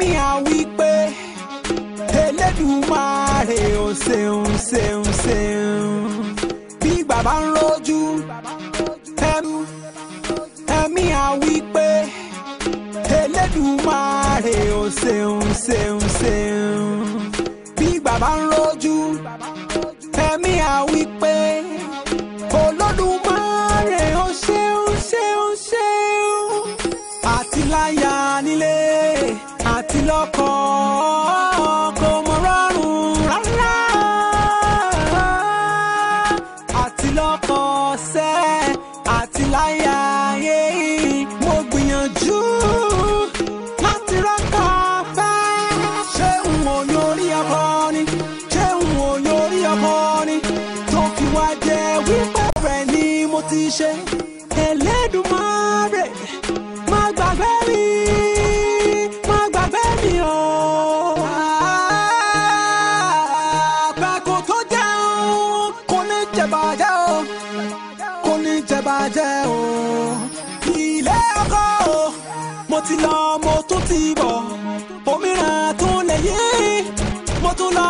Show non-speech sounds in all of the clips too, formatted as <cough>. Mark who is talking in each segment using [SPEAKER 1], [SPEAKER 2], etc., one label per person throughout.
[SPEAKER 1] mi à wípé Elédùmarè ò ṣeun ṣeun ṣeun bí bàbá ń rojú ẹ̀mí à wípé Elédùmarè ò ṣeun ṣeun ṣeun bí bàbá ń rojú. ṣe Ẹlẹ́dùmarè má gbàgbé mi má gbàgbé mi o. àpẹkọ tó jẹun kò ní jẹbàjẹ́ o kò ní jẹbàjẹ́ o. ilé ọkọ o mo ti lọ mo tún ti bọ̀ òmíràn tún lè yí mo tún lọ.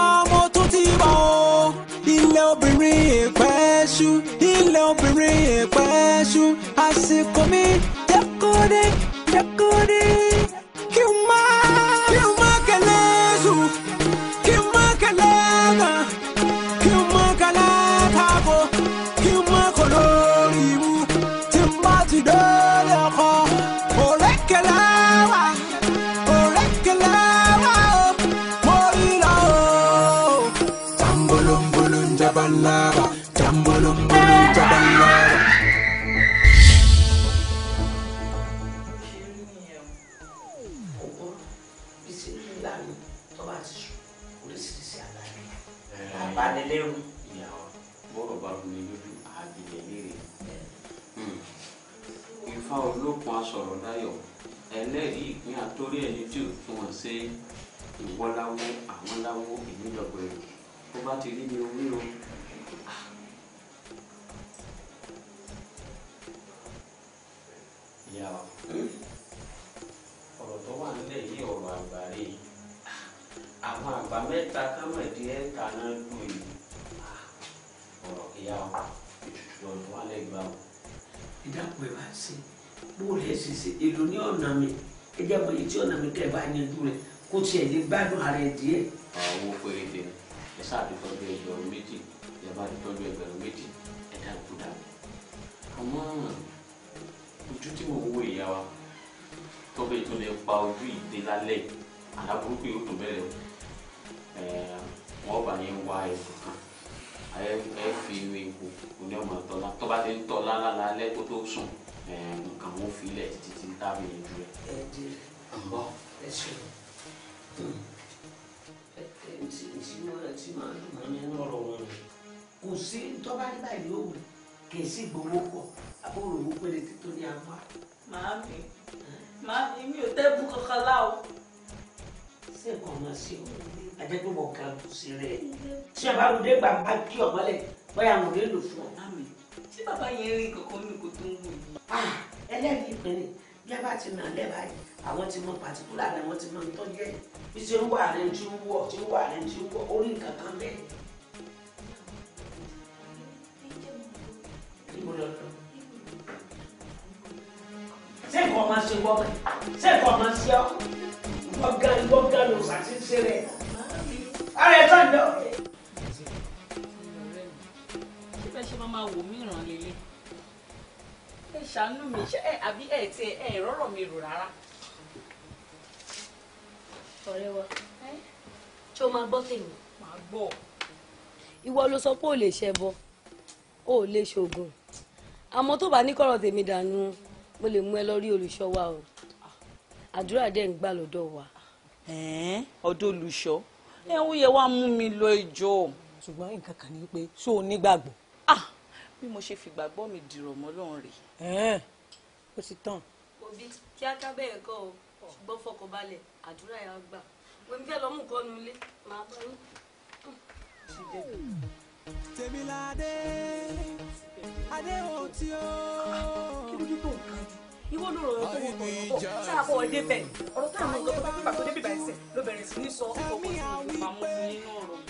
[SPEAKER 2] ti rí mi orí o. ìyá wa ọ̀rọ̀ tó wà nílẹ̀ yìí ọ̀rọ̀ àgbà rè é àwọn àgbà mẹ́ta kámẹ̀dé ẹ̀ka náà dùn yìí ọ̀rọ̀ ìyá wa ètùtù ọ̀dùn wà lẹ́gbàá o. ìdákùn ẹ̀ bá ṣe bóòlù ẹ̀ ṣe ṣe èlò ní ọ̀nà mi ẹ̀jẹ̀ mọ̀ èyí tí ọ̀nà mi kẹ́ ẹ̀ bá yanjú rẹ̀ kó tiẹ̀ lè gbádùn ara ẹ̀ díẹ̀. àwọn owó péréte ni ẹ sáà ti tọ́jú ẹgbẹ̀rún méjì ẹ bá ti tọ́jú ẹgbẹ̀rún méjì ẹ dákú dákú àmọ́ ojú tí mo wo ìyá wa tọ́bẹ̀ tó lè pa ojú ìdè lálẹ́ aláburúkú yóò tún bẹ̀rẹ̀ wọ́n bá yẹn wá ẹ̀sùn kan ẹ fi ewu òní ọmọ tọ́lá tó bá ti ń tọ́lá lálẹ́ kó tó sùn nǹkan wọn fi ilẹ̀ títí tá jù rẹ̀. ẹ di ọ ẹ ṣe tí tí tí màá dùn mọ́ nínú ọ̀rọ̀ wọn kò sí tọ́ba rí báyìí yóò wù kì í sì gbowó pọ̀ àbúrò owó péré títò ní apá. màámi màámi mi ò tẹ́bù kankan láò. ṣé nǹkan máa ṣe ọ ajẹ́pẹ́ mọ̀ ká bù sí rẹ̀ ṣé bàbá rúdé gbà bá kí ọ̀mọ́lẹ̀ bóyá àwọn òde lò fún ọ. màámi ṣé bàbá yẹn rí kankan ní kò tó ń wò yìí. Ah, ẹlẹ́rìí ìpínlẹ̀ bí a bá ti nà lẹ́bàá yìí àwọn ti mọ pàtíkúlà náà wọ́n ti mọ tó jẹ́ bí ṣe ń wà rẹ tí ń wọ̀ tí ń wà rẹ tí ń wọ̀ orí nǹkan kan bẹ́ẹ̀. níbo lọ lọ. ṣé nǹkan máa ṣe wọ́n ṣé nǹkan máa ṣe ọ́ ìwọ́n gan ìwọ́n gan ló ṣàṣìṣe rẹ̀. ara ẹ̀ tán lọ. síbẹ̀ ṣe máa wò mí ìrànlélẹ̀ ẹ ṣàánú mi ṣe ẹ àbí ẹ ti ẹ rọrọ mi rò rárá ọ̀rẹ́ wa ṣé o máa gbọ́ tèmi. màá gbọ́. ìwọ ló sọ pé o lè ṣẹbọ o ò lè ṣoògùn àmọ́ tó bá ní kọ̀rọ̀ tèmi dànù mo lè mú ẹ lọ rí olùṣọ́ wa o àdúrà dẹ̀ ń gbà lọ́dọ̀ wa. ọ̀dọ̀ olùṣọ́ ẹ ń yẹ wá mú mi lọ ìjọ. ṣùgbọ́n nǹkan kan ni pé ṣó o nígbàgbọ́. Ah, bí mo ṣe fìgbàgbọ́ mi dìrọ̀ mọ́ lọ́rùn
[SPEAKER 1] rè. ó ti tán.
[SPEAKER 2] òbí kí á o ṣùgbọ́n fọkànbalẹ̀ àdúrà yà gbà wèmí fẹ́ lọ́mú nǹkan nu ilé màá bá yín.
[SPEAKER 1] tèmiládé adéhùn tí ó. kí ló dé tó nǹkan jù ìwọ ló rọrọ ọdẹ bẹ̀ ọ̀rọ̀ táwọn nǹkan tó bá tó débi bá ló bẹ̀rẹ̀ sí ní sọ ọkọ̀ sí ìlú pamọ́ sí nínú ọ̀rọ̀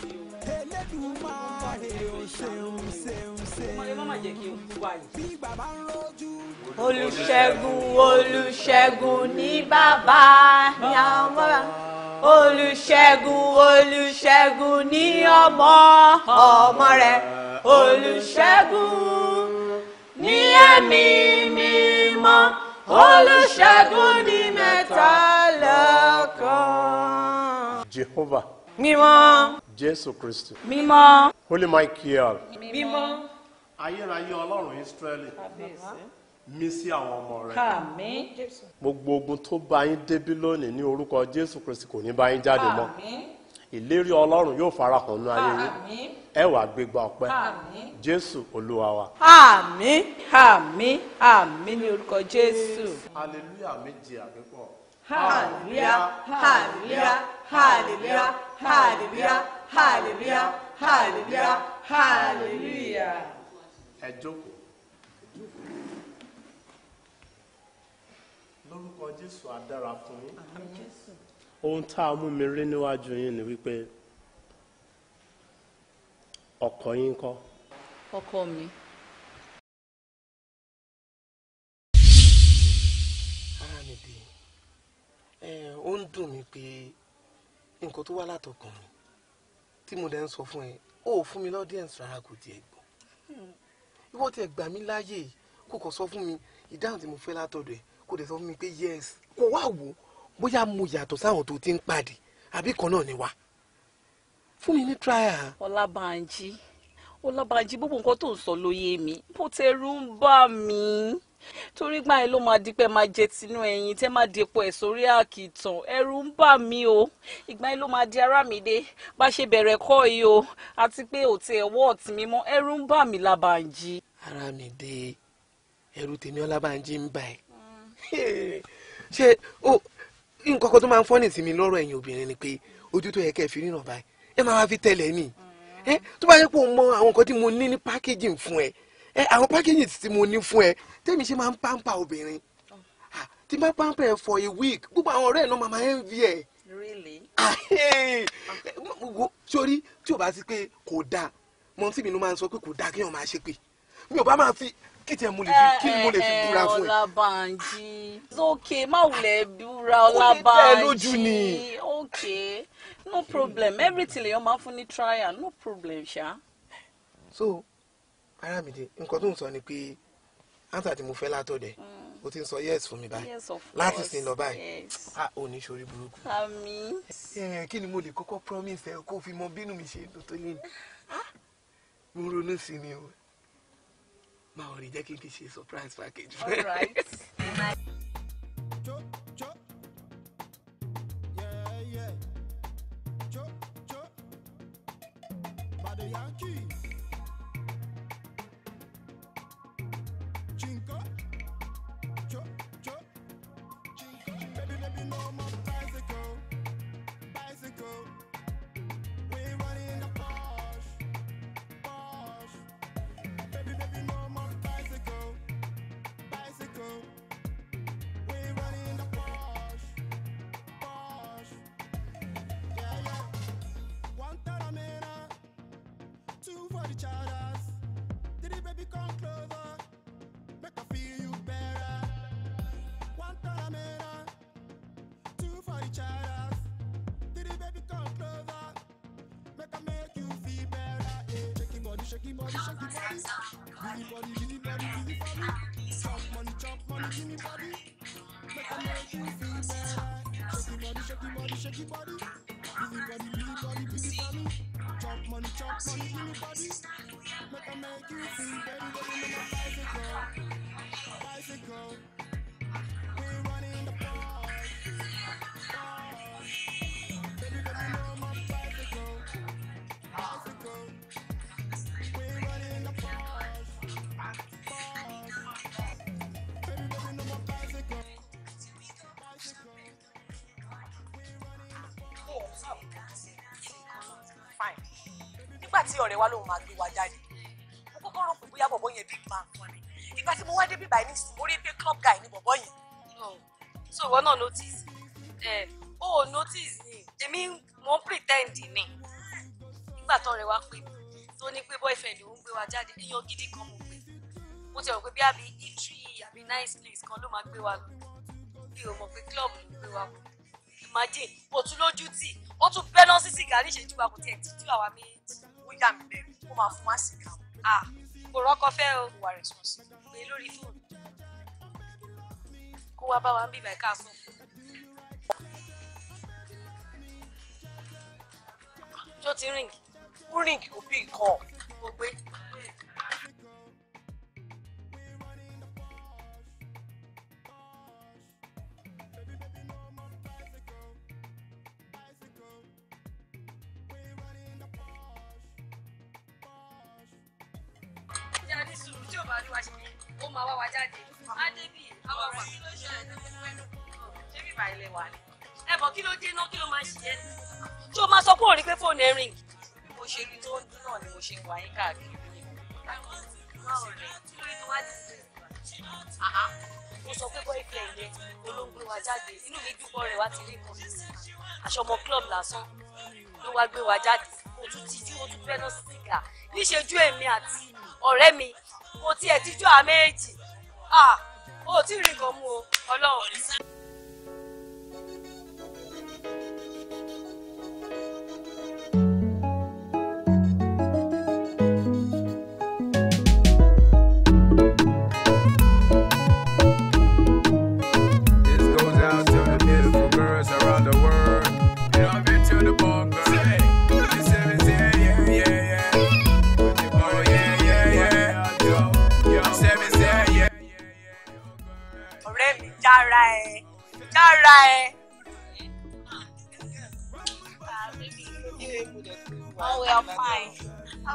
[SPEAKER 1] olùṣègùn olùṣègùn ní bàbá ní àwọn bàbá olùṣègùn olùṣègùn ní ọmọ ọmọ rẹ̀ olùṣègùn ní mi mímọ́ olùṣègùn ní mẹ́ta
[SPEAKER 3] lọ́kan. Jehovah. mímọ́ jésù kristi. mímọ́. holy michael. mímọ́. ayérayé ọlọ́run israẹli. mí sí àwọn ọmọ rẹ. àmín. gbogbo ogun tó bá yín débí lónìí ní orúkọ jésù kristi kò ní bá yín jáde mọ́. àmín. ìlérí ọlọ́run yóò farahàn nínú ayé yín. àmín. ẹ wàá gbégbá ọpẹ́. àmín. jésù olúwa wa.
[SPEAKER 2] àmín àmín àmín ní orúkọ jésù. hallelujah méje àbíkọ. Hallelujah,
[SPEAKER 1] hallelujah, hallelujah, hallelujah hallelujah hallelujah hallelujah.
[SPEAKER 3] ẹ jókòó lórúkọ jésù á dára fún yín ohun tá a mú mi rí níwájú yín ni wípé ọkọ yín kọ́.
[SPEAKER 4] ọkọ mi. ara mi bi
[SPEAKER 2] ó ń dùn mí pé nǹkan tó wá látọkàn mi tí mo dẹ̀ ń sọ fún ẹ o ò fún mi lọ́díẹ̀nsì rárá kò tiẹ̀ gbọ́ hmm. ìwọ tiẹ̀ gbà mí láàyè kò kàn sọ fún mi ìdáhùn tí mo fẹ́ látọ̀dọ̀ ẹ kò dẹ̀ sọ fún mi pé yes kò wá wò bóyá mo yàtọ̀ sáwọn tó ti ń pàdé àbí kan náà ni wá fún mi ní trial. Ọlábànjí Ọlábànjí gbogbo nǹkan tó ń sọ ló yé mi bó tẹrù ń bà mí torí gbà yín ló máa di pé máa jẹ tinú ẹyin tẹ́ máa depo ẹ̀ sórí àkìtàn ẹ̀rù ń bà mí o ìgbà yín ló máa di Arámidé bá ṣe bẹ̀rẹ̀ kọ́ yìí o àti pé òtí ẹ̀wọ́ ọ̀tí mímọ́ ẹ̀rù ń bà mí Lábànjí. Arámidé ẹ̀rù tèmi Ọlábànjí ń bà ẹ́ mm. ṣé o nǹkan kan tó máa ń fọ́nì sí mi lọ́rọ̀ ẹ̀yin obìnrin ni pé ojú tó yẹ kẹ́ ẹ fi ríran báyìí ẹ máa wá fi tẹ̀lé mi mm. tó bá yẹ kó o mọ àwọn nǹkan tí mo ní ní pákéjì fún ẹ ẹ àwọn pákéjì tí mo ní fún ẹ tẹ́mi ṣe máa ń pàǹpà obìnrin ah, tí bá pàǹpà ẹ for a week gbogbo àwọn ọ̀rẹ́ ẹ̀ náà máa máa ń vi ẹ̀. Really? Ah, sórí tí o bá sí pé kò dáa mọ tí mi ló máa ń sọ pé kò dáa kéèyàn máa ṣe pé mi ò bá máa fi kí tiẹ̀ mo lè fi kí mo lè fi eh, eh, búra fún ẹ. Ọlábànjí it's okay má wulẹ̀ búra Ọlábànjí okay no problem everything lèèyàn máa fún ní trial no problem ṣá. so Arámidé nǹkan tó ń sọ ni pé answer tí mo fẹ́ látọ̀dẹ̀ mm. o ti ń sọ yes fún mi báyìí láti sin lọ báyìí a ò ní ṣorí burúkú. àmín. Eh, kí ni mo lè kọ́kọ́ promise ẹ kó fi mọ bínú mi ṣe tó tó lé ní mo ronú sí ni o máa rí jẹ́ kí n ti ṣe surprise package. <laughs> níbi nice place kan ló máa gbé wa mi ò mọ̀ pé club ló gbé wa imagine ó tún lójú tì ó tún bẹ́ lọ sí sìgá níṣẹ́jú wa kò tiẹ̀ títí àwa méjì ó yà mí lẹ́nu ó máa fún wa sìgá ah kò rọ́kọ fẹ́ o wà rẹ̀ sùn sí pé lórí fóònù kó wá bá wa ń bíbá ẹ̀ka fún un. tó ti rìn kú
[SPEAKER 4] rìn kò bí nǹkan ò gbé.
[SPEAKER 2] wà ní. ẹ kí ló dé náà kí ló máa ṣe é tí o máa sọ pé òrí pé fóònù ẹ rìn mo ṣe rí tó ń dún náà ni mo ṣe wà yín káàkiri mo sọ pé boyfriend yẹn olóńgbò wa jáde inú mi dúpọ̀ rẹ̀ wá ti rí kan aṣọ club lásán ló wá gbé wa jáde ó tún tijú ó tún
[SPEAKER 4] fẹ́ràn sìgá
[SPEAKER 2] níṣejú èmi àti ọ̀rẹ́ mi mo tiẹ̀ tijú àmẹ́ẹ̀jì
[SPEAKER 4] ó tí ì rí kan mú o ọlọ́run.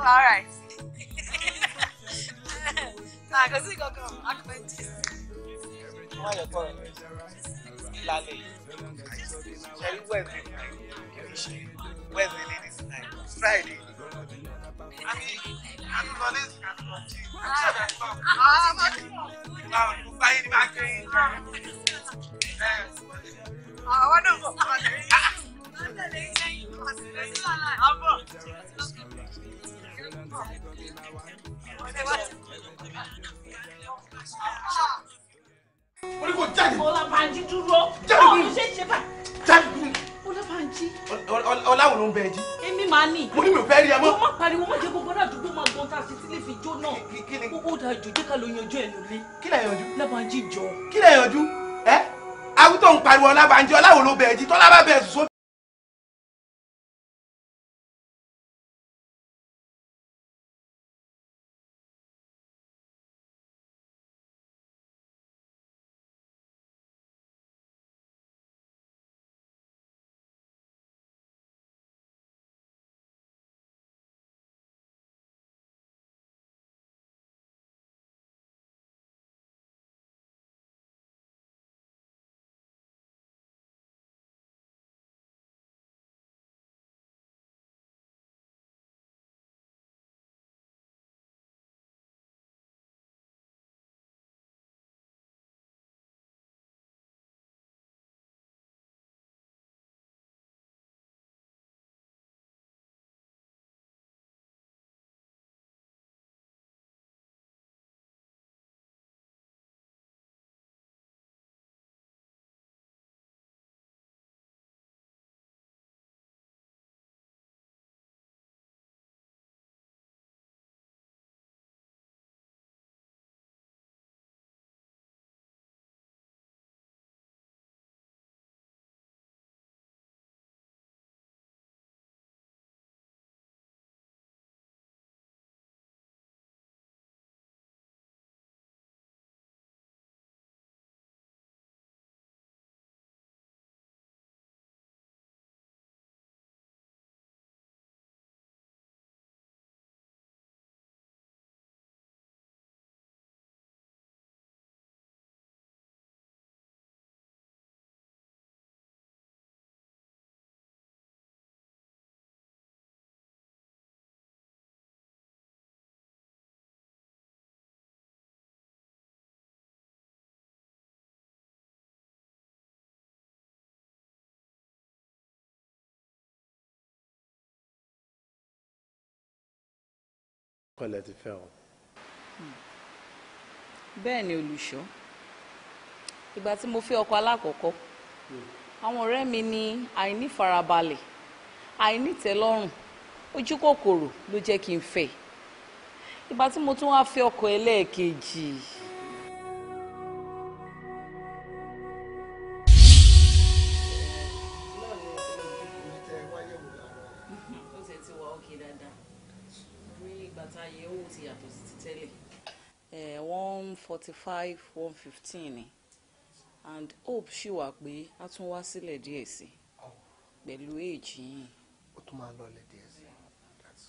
[SPEAKER 1] alright. Náà kò sí kankan,
[SPEAKER 4] a kò fẹ́ jí.
[SPEAKER 2] Má yẹ kọ́ ẹ̀ lálẹ́ yìí.
[SPEAKER 4] Ṣé
[SPEAKER 2] Friday.
[SPEAKER 1] Àmì àtúntọ́lé I'm
[SPEAKER 2] not
[SPEAKER 1] ọmọ kí wọ́n. Báwo ni mo bá yín ní máa gbé yín jẹ́? Àwọn náà mọ̀ ọ́ tẹ̀lé. Wọ́n tẹ̀lé wọ́n
[SPEAKER 2] ní kò jáde. ọlábànjí dúró. jáde dúró. ọ̀hún ṣe ṣe bá. jáde dúró. ọlábànjí. ọláwo mi ò fẹ́ rí ẹ mọ́. mo má pariwo mo jẹ ni. kókó da ìjọ jẹ́ ká ló yanjú ẹ̀ lólé.
[SPEAKER 4] kí lè yanjú. ọlábànjí jọ. kí lè yanjú. ẹ awútọ̀ ń pariwo ọlábànjí ọláwo ló bẹ ẹ jí tọ́lá bá kọ́lẹ̀ ti fẹ́ o. Hmm. bẹ́ẹ̀
[SPEAKER 2] ni olùṣọ́ ìgbà tí mo fẹ́ ọkọ alákọ̀ọ́kọ́ hmm. àwọn ọ̀rẹ́ mi ní àìní farabalẹ̀ àìní tẹ́lọ́rùn ojú kòkòrò ló jẹ́ kí n fẹ́ ìgbà tí mo tún wá fẹ́ ọkọ ẹlẹ́ẹ̀kejì. E one forty five one fifteen and hope ṣì wà pé a tún wá sílẹ̀ díẹ̀ sí pẹ̀lú èjì yìí. ó tún máa lọlẹ̀ díẹ̀ sí.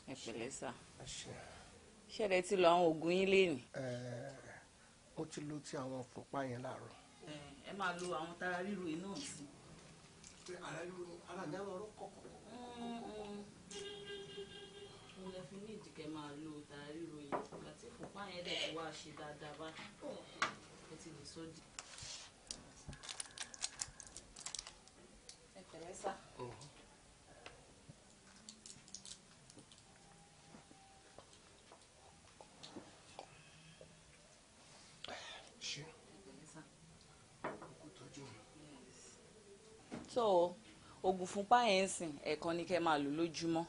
[SPEAKER 2] ẹ pẹ̀lẹ́ sà ṣẹ̀rẹ̀ ti lo àwọn oògùn yín lénìí. mo ti lo ti àwọn fòpá yẹn láàárọ̀. ẹ máa lo àwọn tara ríro yìí náà sí. ara ríro ni ara ní àwọn ọ̀rọ̀ kọ̀ọ̀kan. mo lè fi ní ìdíkẹ́ máa lo bàbá yẹn dẹ̀ ti wá ṣe dáadáa báyìí ẹ ti lè sọ di. ẹ pẹ̀lẹ́ so oògùn fúnpá yẹn ń sìn ẹ̀ẹ̀kan ni kẹ́ máa lò lójúmọ́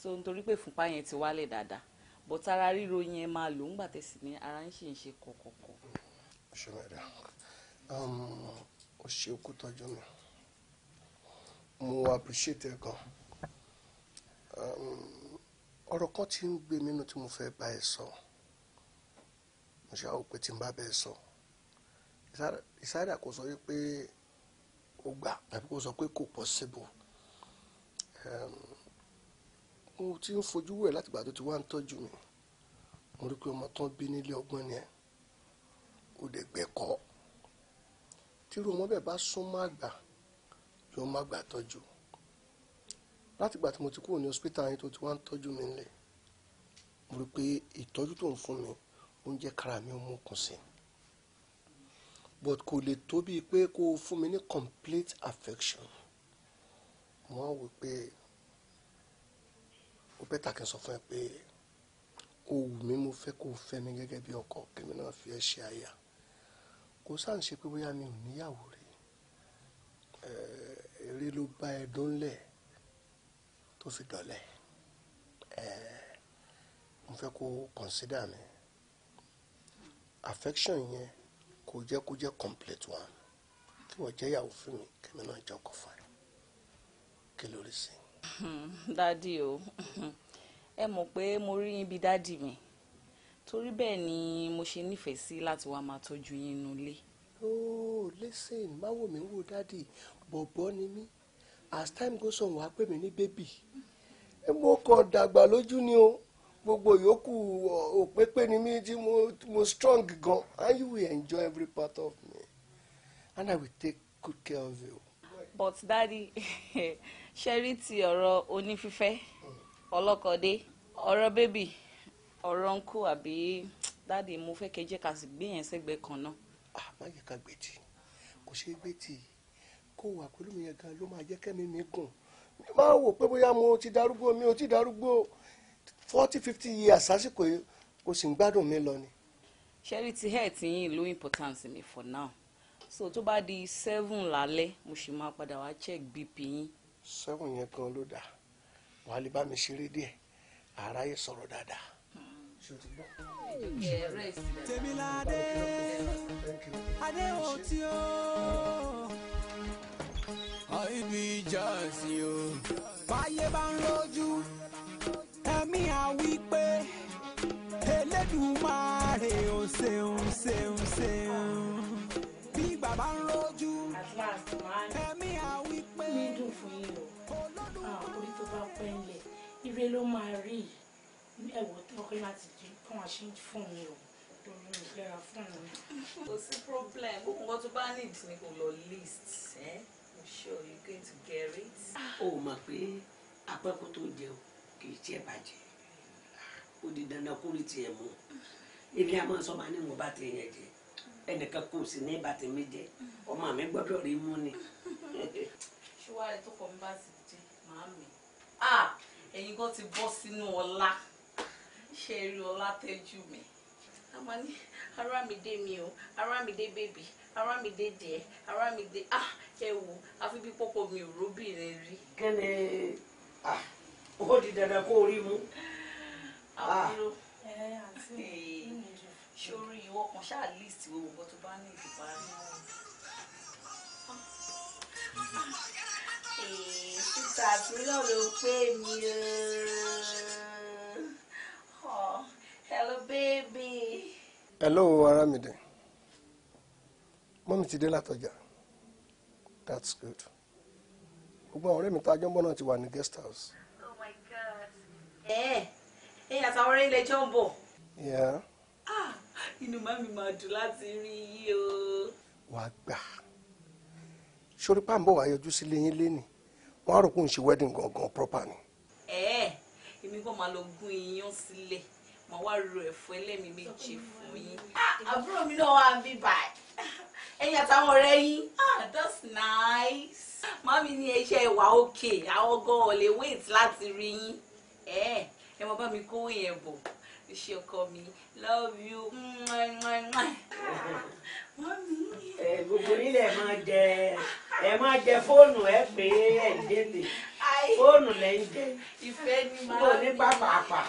[SPEAKER 2] so nítorí pé fúnpá yẹn ti wálẹ̀ dáadáa but ara ríro yẹn máa lò ń gbàtẹ́ sí ni ara ń ṣe ń ṣe kọ̀kọ̀kọ̀. ṣé mẹ́rin um, ó ṣe okú tọ́jú mi mo appreciate ẹ gan um, ọ̀rọ̀ kan tí ń gbé mi nínú tí mo fẹ́ bá ẹ sọ mo ṣe àwọn òpè tí ń bá bẹ́ẹ̀ sọ ìsáyà kò sọ wípé ó gbà tàbí kò sọ pé kò possible. Um, mo ti ń fojú wẹ̀ látìgbà tó ti wá ń tọ́jú mi mo rí pé ọmọ tán bí nílé ọgbọ́n ni ẹ
[SPEAKER 3] ó dẹ̀ gbẹ̀kọ́ tírú ọmọ bẹ́ẹ̀ bá súnmọ́ àgbà yóò má gbà tọ́jú látìgbà tí mo ti kúrò ní hospital yẹn tó ti wá ń tọ́jú
[SPEAKER 2] mi nílẹ̀ mo rí pé ìtọ́jú tó ń fún mi ó ń jẹ́ kára mi ó mú sí but kò lè tó bíi pé kó o fún mi ní complete affection mo á wò pé bẹ́tà kí n sọ fún ẹ pé o wù mí mo fẹ́ kó o fẹ́ mi gẹ́gẹ́ bí ọkọ kèmi náà fi ẹ́ ṣe
[SPEAKER 3] aya kò sáà ṣe pé bóyá mi ò níyàwó rí eré ló bá ẹ dúnlẹ̀ tó fi dọ̀lẹ̀
[SPEAKER 2] mo fẹ́ kó consider mi affection yẹn kò jẹ́ kó jẹ́ complete one kí wọ́n jẹ́ ìyàwó fún mi kèmi náà jẹ́
[SPEAKER 3] ọkọ fún ẹ kí lórí sí i.
[SPEAKER 2] Hmm, dádì o ẹ mọ̀ pé mo rí yín bí dádì mi torí bẹ́ẹ̀ ni mo ṣe nífẹ̀ẹ́ sí láti wá máa tọ́jú yín nulẹ̀.
[SPEAKER 3] ooo oh, listen má wò mí wò dádì bọ̀bọ̀
[SPEAKER 2] ni mí as time goes on wàá pè mí ní bébì mo kàn dàgbà lójú ni o gbogbo yòókù òpépé ni mí tí mo strong gan and you will enjoy every part of me and I will take good care of you. but daddy <laughs> ṣẹ́rí ti ọ̀rọ̀ onífífẹ́ ọlọ́kọ̀dé ọ̀rọ̀ bébì ọ̀rọ̀ ńkù àbí dáàdi mo fẹ́ kẹjẹ́ ká sì gbé yẹn sẹ́gbẹ́ kan náà. a ah, má yẹ ká gbé tì kò ṣeé gbé tì kó wà pẹ̀lú mi yẹn gan ló máa jẹ́ kẹ́mi mi gùn mi máa wò pé bóyá mo ti darúgbó mi ò ti darúgbó forty fifty years àsìkò yìí kò sì ń gbádùn mi lọ ni. ṣẹ́rí ti hair ti yín ló important mi for now so tó bá di seven lálẹ́ mo sì máa padà wá check bp yín seven yẹn kan ló dà
[SPEAKER 3] wà lè bá mi ṣeré díẹ̀ ààrá yẹ sọ̀rọ̀ dáadáa.
[SPEAKER 1] tèmiládé adéhùn tí ó àìbí ìjà sí o. báyé bá ń lójú ẹ̀mí àwí pé Elédùmarè ò ṣeun ṣeun ṣeun bí bàbá ń lójú ẹ̀mí
[SPEAKER 2] àwí pé pẹ́ ńlẹ̀ ire ló máa rí
[SPEAKER 1] ẹ̀wọ̀ tó ń pẹ́ láti jí kí wọ́n ṣe ń fún mi o torí mi fẹ́ ra mi.
[SPEAKER 2] kò sí problem gbogbo nǹkan tó bá need ni kò lọ list ẹ i'm sure you're going to get it. o mọ̀ pé àpẹ́kù tó jẹun kì í tiẹ̀ bàjẹ́ ó di dandan kó tiẹ̀ mú ilé àmọ́ sọ́mà ni mo bá ti yẹn jẹ ẹnìkan kò sí ní bàtí mi jẹ ọmọ mi gbọ́dọ̀ rí mú ni. ṣùgbọ́n àlẹ́ tó kọ́ mi bá sì jẹ́ màá mi Ah, ẹ̀yin gan ti bọ́ sínú ọlá ṣe rí ọlá tẹ́jú mi àmọ́ ní Aramide mi o Aramide bèbí Aramide díẹ̀ Aramide ah ẹ wò àfi bí pọ́pọ́ mi ò róbìnrin rí. kẹ́ni ó di dandan kó o rí mú. àbúrò ṣorí ìwọ kan ṣáà list gbogbo nǹkan tó bá ní ìdìbò ara náà sísà mi náà ló pè mí hello baby.
[SPEAKER 3] hello Aramide
[SPEAKER 2] mọ́mí ti dé látọjà that's good gbogbo àwọn ọ̀rẹ́ mi tá a jọ ń bọ̀ náà ti wà ní guest house.
[SPEAKER 4] oh my god. ẹ
[SPEAKER 2] ẹ àtàwọn ọ̀rẹ́ ilẹ̀ jọ ń yeah. ah inú màmí máa dùn láti rí yí o. wàá gbà sórí pàǹbọ̀ wàá yọjú sílé yín lénìí wọ́n á rò pé ń ṣe wedding gangan proper ni. ẹ ẹ èmi kò máa lọ gún iyán sílẹ̀ mà wá ro ẹ̀fọ́ ẹlẹ́mìí méje fún yín. Ah, àbúrò mi náà wà ń bí báyìí ẹ̀yin àtàwọn ọ̀rẹ́ yín ah, that's nice. mami ní ẹṣẹ́ ìwà òkè àwọn gan-an ò lè wait láti rí yín ẹ ẹ mọ bá mi kó yẹn bọ̀ iṣẹ́ call me. love you gbogbo nílẹ̀ máa jẹ ẹ máa jẹ fóònù ẹ pé ẹ ń délé fóònù lẹ ń jẹ ìfẹ́ ni màá mi kò ní pàpàpà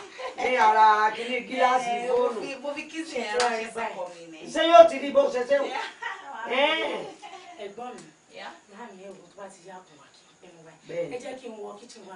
[SPEAKER 1] ní ara kìíní gíláàsì
[SPEAKER 2] fóònù mo fi kí sí ẹ̀rọ ẹ̀ sọ̀kọ̀ mi
[SPEAKER 1] ní. ṣé yóò ti di bó ṣe ṣe wò.
[SPEAKER 2] ẹ̀gbọ́n mi láàmì ẹ̀wò tó bá ti yá kùn wá kí n pẹ́ mi wá ẹ jẹ́ kí n wọ kíchìn wa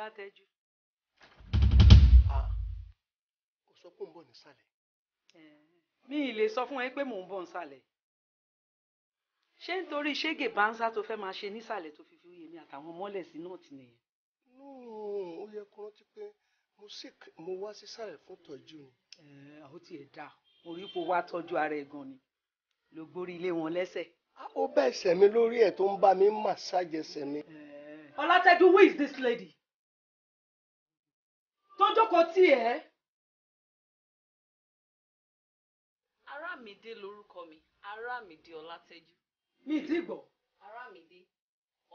[SPEAKER 4] Ọlátẹ́jú. Ó sọ pé ń bọ̀ nísàlẹ̀.
[SPEAKER 2] Mi ì lè sọ fún ẹ pé mò ń bọ̀ nísàlẹ̀.
[SPEAKER 4] Ṣé nítorí ṣége báńsá
[SPEAKER 2] tó fẹ́ máa ṣe nísàlẹ̀ tó fi fi yèmí àtàwọn mọ́lẹ̀ sí náà tì nìyẹn?
[SPEAKER 3] ó yẹ kó rántí pé mo wá sísàlẹ̀ fún tọ́jú ni. Ó tiẹ̀ dáa, mo
[SPEAKER 2] rí wá tọ́jú ara ẹ̀ gan ni. Ló gborí ilé wọn lẹ́sẹ̀. Ó bẹ̀ ẹsẹ̀ mi lórí ẹ̀
[SPEAKER 4] tó ń bá mi màsájẹsẹ̀ mi. Ọlátẹ́jú, who is this lady? tó jókòó tì ẹ́.
[SPEAKER 2] Arámidé lorúkọ mi Arámidé Ọlátẹ́jú. mi ì tí ì gbọ́. Arámidé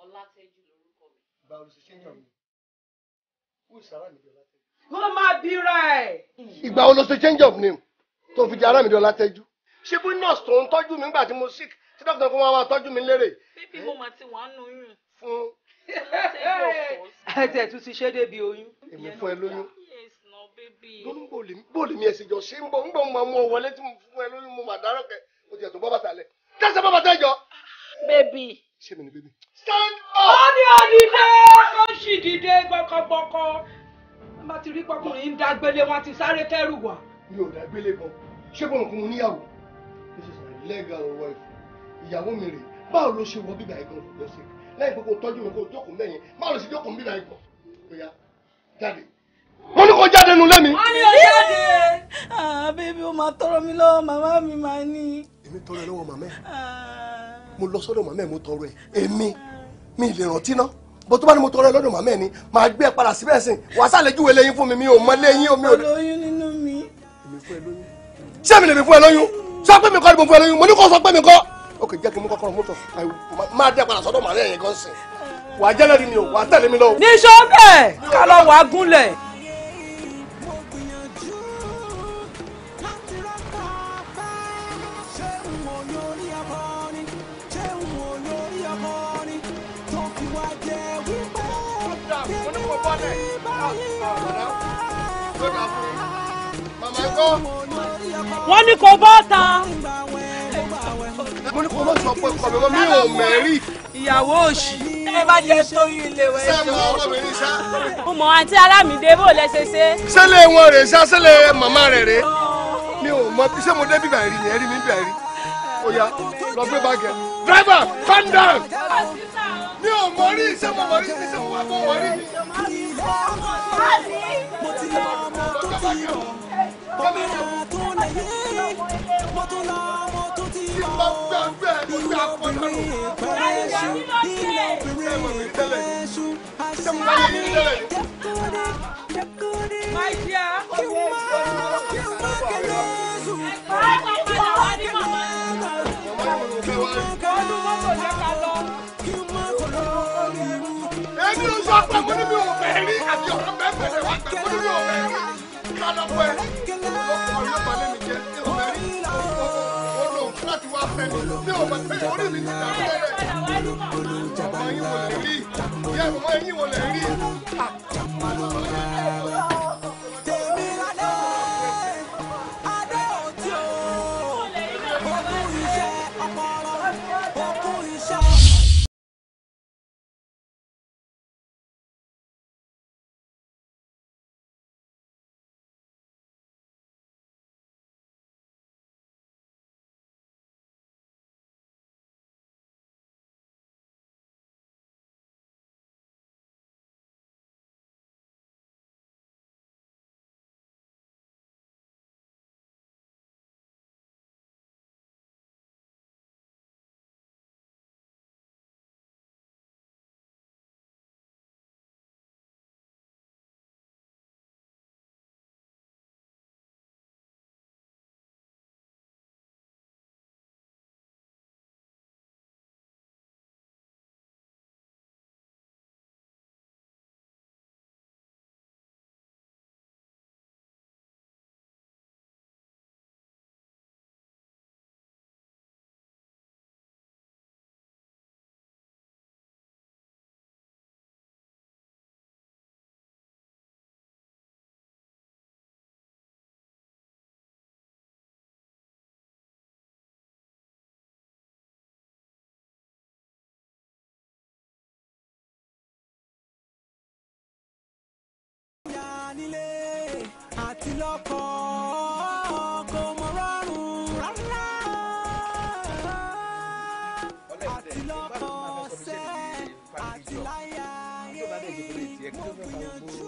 [SPEAKER 4] Ọlátẹ́jú lorúkọ mi. báwo ló ṣe ṣe ń yàn mí who is Arámidé
[SPEAKER 3] Ọlátẹ́jú. ló máa
[SPEAKER 4] bíra ẹ̀.
[SPEAKER 3] ìgbà wo ló ṣe change of name tó fi di
[SPEAKER 2] Arámidé Ọlátẹ́jú. ṣé bí nọ́ọ̀sì tó ń tọ́jú mi nígbà tí mo sick tí dókítà fún wa máa tọ́jú mi lérè. bébí mo máa ti wà á nù yún. fún
[SPEAKER 4] ẹ
[SPEAKER 2] tẹ̀ tún ti ṣe débi oyún. èmi fún ẹ lóyún lónìí bòlì bòlì mi ẹsẹ jọ ṣé ń bọ ń bọ ń máa mú ọ wọlé tí
[SPEAKER 3] mo fún ẹ lóyún mo mà dárọ kẹ
[SPEAKER 2] mo jẹ tó bọ́ bàtà lẹ tẹsẹ bọ́ bàtà jọ. bébì. ṣé mi ni bébì.
[SPEAKER 4] stand up. ó ní
[SPEAKER 3] òdìdé ó sì dìde gbọkọgbọkọ
[SPEAKER 2] wọn bá ti rí pọkùnrin ń dágbélé wọn ti sáré kẹrù wá. mi ò dágbélé bọ ṣé bọ́n
[SPEAKER 3] kún mu níyàwó this is my legal wife ìyàwó mi rè báwo ló ṣe wọ bíbá ẹ̀gbọ́n lọ́sẹ̀ lẹ́yìn pé kò tọ́jú mi kò jókòó mẹ́yìn má lọ sí jókòó mi bíbá ikọ̀ ó yá
[SPEAKER 2] jáde. mo ní kó jáde nu lẹ́mi. wọ́n ní o jáde. Ah, bébí o máa tọrọ mi lọ́wọ́ màmá mi máa ní. èmi tọrọ ẹ lọ́wọ́ màmá ẹ ah. mo lọ sọ́dọ̀ màmá ẹ mo tọrọ ẹ èmi mi lè rántí náà bó tó bá ní mo tọrọ ẹ lọ́dọ̀ màmá ẹ ni màá gbé ẹ padà síbẹ̀ sìn wàá sàlẹ̀ júwe lẹ́yìn fún mi mi ò mọ lẹ́yìn omi ò. olóyún nínú mi. èmi lè mi fún ẹ lóyún sọ pé mi kọ́ ni mo fún ẹ lóyún mo ní kó sọ pé mi kọ́ ok jẹ́ kí mú kọ́kọ́rọ́ mọ́tò máa dé padà sọ́dọ̀ màálẹ̀ yẹn gan sìn wà á jẹ́lẹ̀ ni wà á tẹ̀lé mi lọ. níṣó bẹ́ẹ̀ ká lọ wà á
[SPEAKER 1] gúnlẹ̀. wọ́n ní
[SPEAKER 2] kò bọ́ ta mo ní kó má sọ pé kọ mi mọ mi ò mẹ́rì. ìyàwó òṣì. ẹ bá jẹ torí ilé wẹ. sáà mọ ọlọmọbìnrin sá. mo mọ àǹtí alámìdé bò lẹsẹ ṣe. sẹ́lẹ̀ wọn rè sá sẹ́lẹ̀ màmá rẹ̀ rè mi ò mọ iṣẹ́ mo dé bíbà yẹn rí mi bíbà rí ó lọ gbé báàgì ẹ. driver calm down.
[SPEAKER 1] mi ò mọ rí iṣẹ́ mo mọ rí iṣẹ́ mo wá mọ wọ rí mo ti lọ ọmọ tó ti rọ ọmọ tó lẹ́yìn mo tó lọ lọ gbẹ ọgbẹ ìgbà àpọ̀lọ́rù. My dear, you are, you are the ẹni o sọ pé mo ní mi ò fẹ́ rí àti ọ̀rọ̀ mẹ́fẹ̀ẹ́ wá pé mo ní mi
[SPEAKER 2] ò fẹ́ rí kálọ̀ pẹ́. ti wá fẹ́ mi mi ò mọ̀ pé orí mi ti dàrú lẹ́rẹ̀. ọmọ yín wò lè rí ìyá ọmọ yín wò lè rí.
[SPEAKER 4] nílé àti lọ́kọ kò mọ rọrùn
[SPEAKER 1] rárá àti lọ́kọ sẹ́ àti láyà yẹ kó gbìyànjú.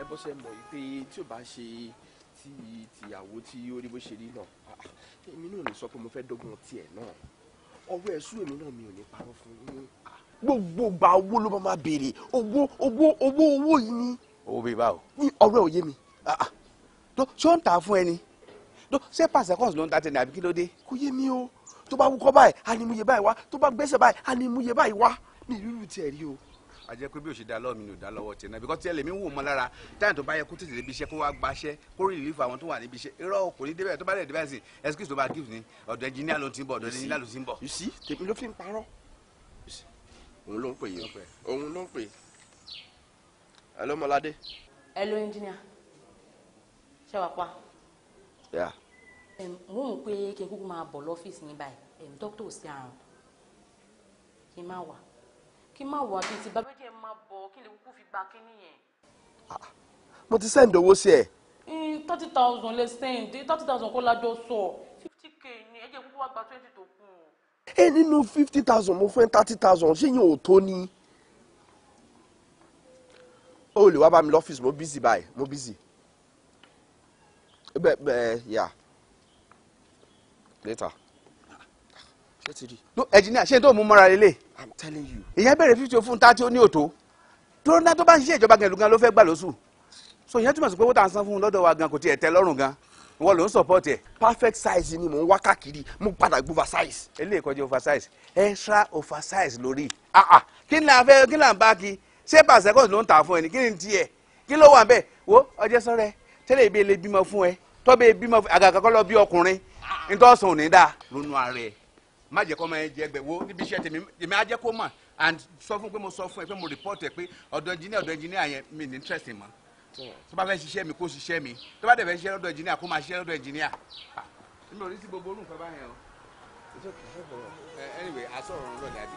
[SPEAKER 2] ẹ bọ́ sẹ́ mọ̀ pé tí o bá ṣe tí tìyàwó tí ó rí bó ṣe rí náà èmi náà lè sọ pé mo fẹ́ dọ́gbọ́n tiẹ̀ náà ọwọ́ ẹ̀ sùn èmi náà mi ò ní parọ́ fún yín gbogbo ìgbà owó ló máa béèrè owó owó owó owó yìí ni. owó bíi báwo. ní ọ̀rẹ́ òye mi ah, ah. ṣé ó ń tà fún ẹni ṣé pàṣẹ kọ́ọ̀sì ló ń ta tẹ̀lé àbí kí ló dé. kò yé mi o tó bá wúkọ́ báyìí a ní ìmúyẹ báyìí wá tó bá gbẹ́sẹ̀ báyìí a ní ìmúyẹ báyìí wá mi ìrírí tiẹ̀ rí o a jẹ pé bí o ṣe da lọ́wọ́ mi ni o da lọ́wọ́ tiẹ̀ náà bíkọ́ tiẹ̀ lèmi wò mọ́ lára táyà tó bá yẹ kó tètè débi iṣẹ́ kó wá gba iṣẹ́ kó rí ìlú àwọn tó wà níbi iṣẹ́ irọ́ kò ní débẹ̀ tó bá dẹ̀ débẹ̀ sí excuse tó bá give ni ọ̀dọ̀ ẹnjìníà ló ti ń bọ̀ ọ̀dọ̀ ẹnjìníà ló
[SPEAKER 3] òun ló ń pè yìí òun ló ń pè ẹ ló mọládé.
[SPEAKER 2] ẹ ló ẹnjìníà ṣe wà pa. mo ń pé kí n kúkú máa bọ̀ lọ́fíìsì ní báyìí dókítà ò sí àrùn kí n má wà kí n má wà kí n ti bá bẹ́ẹ̀ jẹ́ máa bọ̀ kí n lè kúkú fi gba kínní yẹn. Ah, mo ti send owó sí ẹ. thirty thousand lè send thirty thousand kó lájọ sọ fifty k ni ẹ jẹ́ kúkú wá gba twenty ẹ nínú fifty thousand mo fẹ́ thirty thousand ṣé yẹn ò tó ni ó lè wá bá mi lọ́fíìsì mo busy báyìí mo busy bẹ́ẹ̀ bẹ́ẹ̀ yà later ṣé ti rí. no ẹ̀jìnìá ṣé tó mú mọ́ra lélẹ̀. i'm telling you. ìyẹn bẹ̀rẹ̀ fífi òfin tá tí ó ní òtó tó ń dá tó bá ń ṣiṣẹ́ ìjọba gan-an ló fẹ́ gbà lóṣù so ìyẹn túmọ̀ sí pé owó tá à ń san fún un lọ́dọ̀ wa gan kò tiẹ̀ tẹ́ lọ́rùn gan ìwọ ló ń support ẹ perfect size ni mò ń wá káàkiri mo padà gbé oversize eléyìí kọjá oversize extra oversize lórí ah ah kí ni la fẹ́ kí ni la ń bá kí ṣé per second ló ń tà fún ẹ ní kí ni tiẹ̀ kí ló wà ń bẹ̀ wo ọjọ́ sọ́rẹ́ tẹ́lẹ̀ ibi ilé bímọ fún ẹ tọ́bẹ̀ bímọ àgàgà kọ́ lọ bí ọkùnrin ntọ́sùn òní dáa.
[SPEAKER 3] ronú ara má jẹ́ kó máa jẹ
[SPEAKER 2] ẹgbẹ́ wo níbi iṣẹ́ tèmi èmi á jẹ́ kó mọ̀ and sọ fún pé mo sọ fún ẹ pé mo report ẹ pé ọ̀dọ̀ engineer ọ̀dọ̀ engineer yẹn mi ní interest mọ́ tó bá fẹ́ ṣiṣẹ́ mi kó ṣiṣẹ́ mi tó bá dẹ̀ fẹ́ ṣiṣẹ́ lọ́dọ̀ ẹnjìníà kó máa ṣiṣẹ́
[SPEAKER 3] lọ́dọ̀ ẹnjìníà. Ah,
[SPEAKER 2] mi ò sí gbogbo orúkọ báyẹn o. Eh, anyway
[SPEAKER 1] aṣọ ọ̀rọ̀ ń lọ dàbí.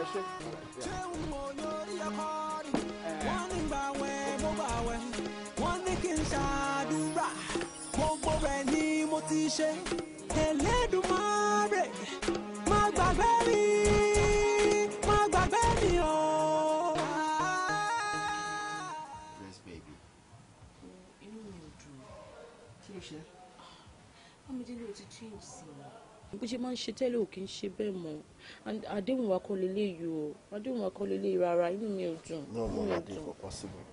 [SPEAKER 1] ẹ ṣe. ṣé wo lórí ọkọ rí wọ́n ní gbàwẹ̀ mo gbàwẹ̀ wọ́n ní kí n ṣàdúrà gbogbo rẹ̀ ni mo ti ṣe Ẹlẹ́dùmarè má gbàgbé mi.
[SPEAKER 2] bó ṣe máa ń ṣe tẹ́lẹ̀ ò kí ń ṣe bẹ́ẹ̀ mọ́ àdéhùn wa kọ́ lélẹ̀ yìí o àdéhùn wa kọ́ lélẹ̀ yìí rárá inú mi ò dùn. no no na dey for possible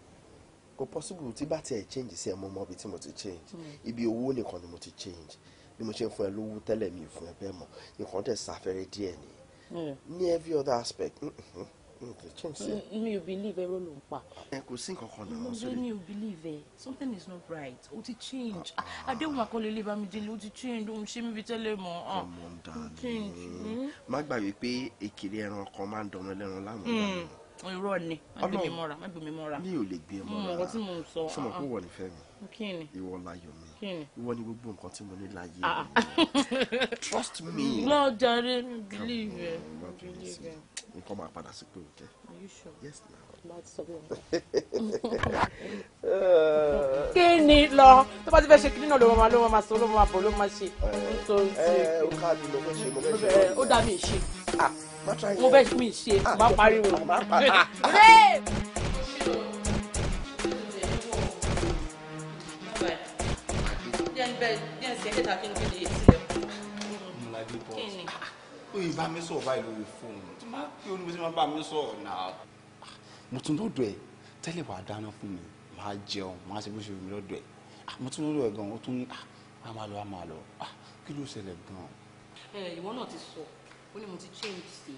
[SPEAKER 2] kò possible tí bá tiẹ̀ change sí ẹ mọ́ mọ́ ibi tí mo ti change hmm. ibi owó nìkan ni mo ti change bí mo ṣe ń fún ẹ lówó tẹ́lẹ̀ mi fún ẹ bẹ́ẹ̀ mọ́ nǹkan tẹ̀ sáfẹ́rẹ́ díẹ̀ ni hmm. ní every other aspect mm -hmm. You believe ẹ̀rọ ló ń pa. Ẹ kò sí kan náà. Ǹjẹ́ mi ò believe ẹ̀? Something is not right. O ti change. Ah, ah. Adéhùn Akọ́lélé Bámidélé o ti change. O ń ṣe mí bíi tẹ́lẹ̀ mọ́. Ọmọ ń dàn ní. Má gbàgbé pé èkìlẹ̀ ẹran kan máa ń dọ̀nà ẹlẹ́ran láàmú hmm. irọ́ ni má gbé mi mọ́ra má gbé mi mọ́ra mi ò lè gbé ẹ hmm, mọ́ra nǹkan tí mo ń sọ sọmọ kó ah, wọ nífẹ̀ẹ́ mi kí ni ìwọ láyọ̀ mi kí ni ìwọ ni gbogbo nǹkan tí mo ní láyé trust me. lọ́ọ́ <laughs> jàre believe ẹ believe ẹ nǹkan máa padà sí pé o jẹ. are you sure? yes na. máa ti sọ bí wọn. <laughs> kí ni lọ tó bá ti fẹ́ ṣe kí nínú ló máa ló máa sọ ló máa bọ̀ ló máa ṣe. ẹ ẹ o ká mi mo fẹ́ ṣe mo fẹ́ ṣe. ó dá mi ṣe. Ah, mo fẹ́ mi ṣe ah, má pariwo. <laughs> <laughs>
[SPEAKER 4] Ah.
[SPEAKER 1] Bẹ́ẹ̀ ni ṣe é ṣe tàbí níbi
[SPEAKER 3] ó yìí bá mi sọ̀rọ̀ báyìí lórí fóònù tí máa pé olúwo sí máa bá mi sọ̀rọ̀ náà.
[SPEAKER 2] mo tún lọ́dọ̀ ẹ̀ tẹ́lẹ̀ wàá dáná fún mi màá jẹun màá ṣe bó ṣe mi lọ́dọ̀ ẹ̀ mo tún lọ́dọ̀ ẹ̀ gan o tún ní
[SPEAKER 3] a máa lọ a máa lọ kí ló ṣẹlẹ̀ gan.
[SPEAKER 2] ẹ ìwọ náà ti sọ ó ní mo ti change sí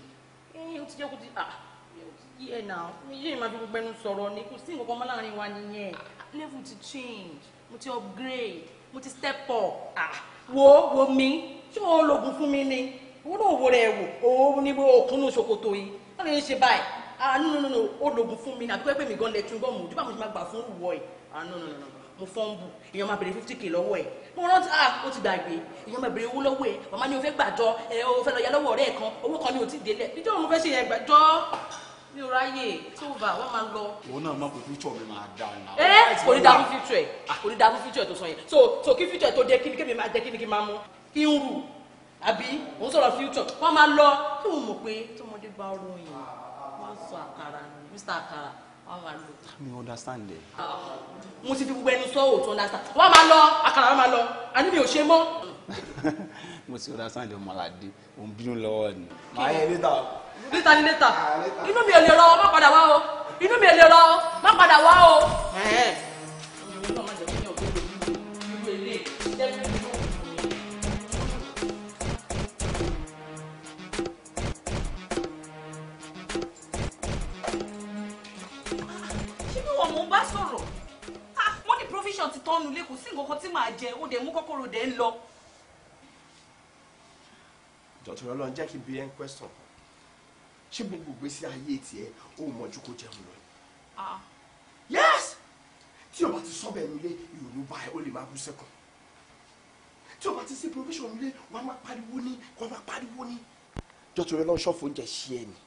[SPEAKER 2] i ó ti jẹ́ kó ti yẹ náà yé màá fi gbogbo ẹnu sọ̀rọ̀ ni kò sí nǹkan kan mọ́ láàrin wa nìyẹn level ti change mo ti upgrade mo ti step up wo wo mi ṣé òun lògùn fún mi ni wọn rẹ wò òun ní òkun ní ṣòkòtò yìí wọn lè ṣe báyìí ah no no no no ó lògùn fún mi àbí pé mi gan lẹtun gan mu dúpọ̀ mo ti máa gbà fún ìwọ ẹ̀ ah no no no no mo fọ́n bù èèyàn máa bèrè fifty k lọ́wọ́ ẹ̀ mo rántí ah ó ti gbàgbé èèyàn máa bèrè owó lọ́wọ́ ẹ̀ màmá ni o fẹ́ gbàjọ ẹ o fẹ́ lọ ya lọ́wọ́ ọ̀rẹ́ ẹ̀ kan owó kan ni o ti délẹ̀ ìjọ òun fẹ́ ṣe yẹn gbàjọ mi ò ráyè tóba wọn máa lọ.
[SPEAKER 3] òun náà máa kó fíjọ mi máa dà ọ̀nà.
[SPEAKER 2] ẹ kò ní dàbí fíjọ ẹ kò ní dàbí fíjọ ẹ tó sọ yẹn so so kí fíjọ ẹ tó dé kí ni kébì máa dé kí ni kí máa mú kí n rù àbí òun sọ̀rọ̀ future wọ́n máa lọ kí wọ́n mọ̀ pé tọmọdé bá ròyìn wọ́n sọ àkàrà mr àkàrà wọ́n máa lọ.
[SPEAKER 3] mi understand ẹ.
[SPEAKER 2] mo ti fi gbogbo ẹnu sọ òótọ́ understand wọ́n máa lọ àkàrà wọ́n máa lọ àní mi ò ṣe mọ́. <laughs> mo ti understand ọmọ aládé òun bínú lọ́wọ́ ni. màá yẹ létà. létà ni létà ah, inú mi ò lè rọ ọ má padà wá o inú mi ò lè rọ má padà wá o. mo bá sọ̀rọ̀ wọ́n ní provision ti tọ́nu lé kò sí nǹkan kan tí màá jẹ ó dẹ̀ mú kọ́kọ́rò dẹ̀ ń lọ.
[SPEAKER 3] dọ̀tọ̀rọ̀ lọ jẹ́ kí n bí ẹ́ ń
[SPEAKER 2] question ṣé gbogbo gbèsè ayé tiẹ̀ ó mọ̀jú kó jẹun lọ. yes tí o bá ti sọ́bẹ̀ nílé ìrònú báyìí ó lè máa bú sẹ́kùn tí o bá ti sí provision nílé wàá máa pariwo ní wàá máa pariwo ní. jọ́tọ̀rọ̀ lọ ṣọ́fọ̀ oúnjẹ ṣí ẹ ni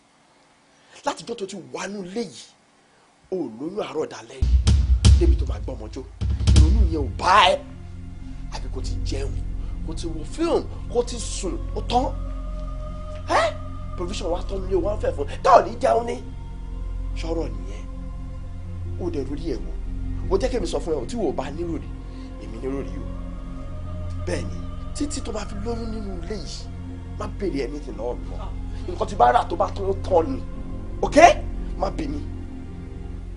[SPEAKER 2] látijọ́ tó ti wà nù léyìí o lóyún àárọ̀ dalẹ́ débi tó máa gbọ́ ọmọ jó ìrònú yẹn ò bá ẹ àbí kò ti jẹun kò ti wo fíìmù kò ti sùn ó tán ẹ provision wa tán nílé wọn fẹ́ fún táwọn ní jẹun ní sọ̀rọ̀ nìyẹn ó dẹ̀ lórí ẹ̀ wò mo jẹ́ kémi sọ fún ẹ o tí wò bá nírò rí èmi nírò rí o bẹ́ẹ̀ ni títí tó bá fi lóyún nínú ilé yìí má béèrè anything lọ́wọ́ mi mọ́ ah. nǹkan tí bá rà tó bá tó tán ni ok má bẹ̀ mí.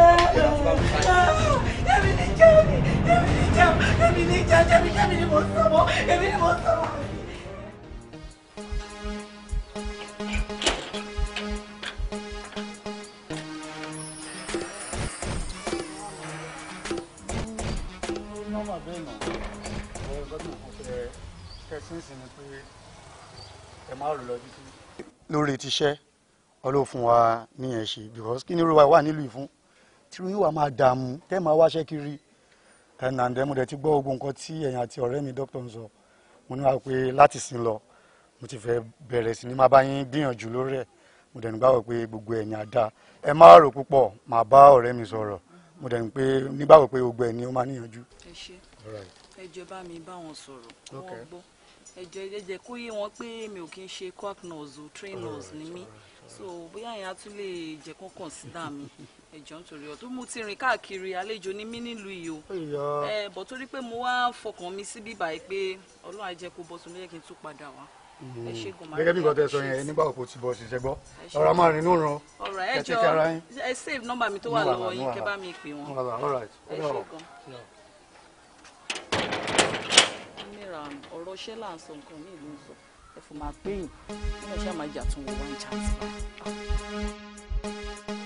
[SPEAKER 5] èmi
[SPEAKER 1] ni jẹ́mi èmi ni jẹ́mi èmi ni jẹ́mi jẹ́mi ni mo sọ̀rọ̀ èmi ni mo sọ̀rọ̀.
[SPEAKER 3] lórí tíṣẹ́ ọlọ́fun wa níyẹn ṣe because kí ni irú wa wà nílùú ìfún tí wíwà máa dààmú tẹ́ máa wáṣẹ́ kiri ẹ̀nà àǹdẹ́ mo dẹ̀ ti gbọ́ gbogbo nǹkan tí ẹ̀yin àti ọ̀rẹ́ mi dókítà ń sọ mo ní wa pé láti sin lọ mo ti fẹ́ bẹ̀rẹ̀ sí ni máa bá yín gbìyànjú lórí ẹ̀ mo dẹ̀ ń gbàgbọ́ pé gbogbo ẹ̀yin àdá ẹ má rò púpọ̀ máa bá ọ̀rẹ́ mi sọ̀rọ̀ mo dẹ̀ ń pé nígbàgbọ́ pé gbogbo ẹ̀ ni ó máa níyànjú.
[SPEAKER 5] ẹ ṣe
[SPEAKER 2] ẹ jẹ́ bá mi bá wọn sọ̀rọ̀ kí wọ́n gbọ́ ẹjọ ẹjẹjẹ kó yé wọn pé mi ò kí ń ṣe quack nurse o train nurse ni mí so bóyá yẹn á tún lè jẹ kán consider mi ẹjọ nítorí ọtọ mo ti rìn káàkiri àlejò ní mí nílùú yìí o ẹ bọ torí pé mo wá fọkàn mi síbí báyìí pé Ọlọ́run á jẹ́ kó bọ́ sunu yẹ kí n tún padà wá hmm. gẹ́gẹ́ bí nǹkan tẹ sọ yẹn nígbà
[SPEAKER 3] òpó ti bọ̀ ṣiṣẹ́ gbọ́ ọ̀rọ̀ máa rìn lóòrùn ẹ tẹ́kẹ́ ara yín.
[SPEAKER 2] ẹ save nọ́mbà mi tó wà lọ́wọ́ yín kẹ́ bá mi
[SPEAKER 3] pè wọ́n. ẹ ṣe gan.
[SPEAKER 2] mẹ́ra ọ̀rọ̀ ṣẹ́ là ń sọ nǹkan mi ló ń sọ ẹ fò máa pẹ́yìn bí wọ́n ṣe máa jà tún wọ́n wá ń jà sí i.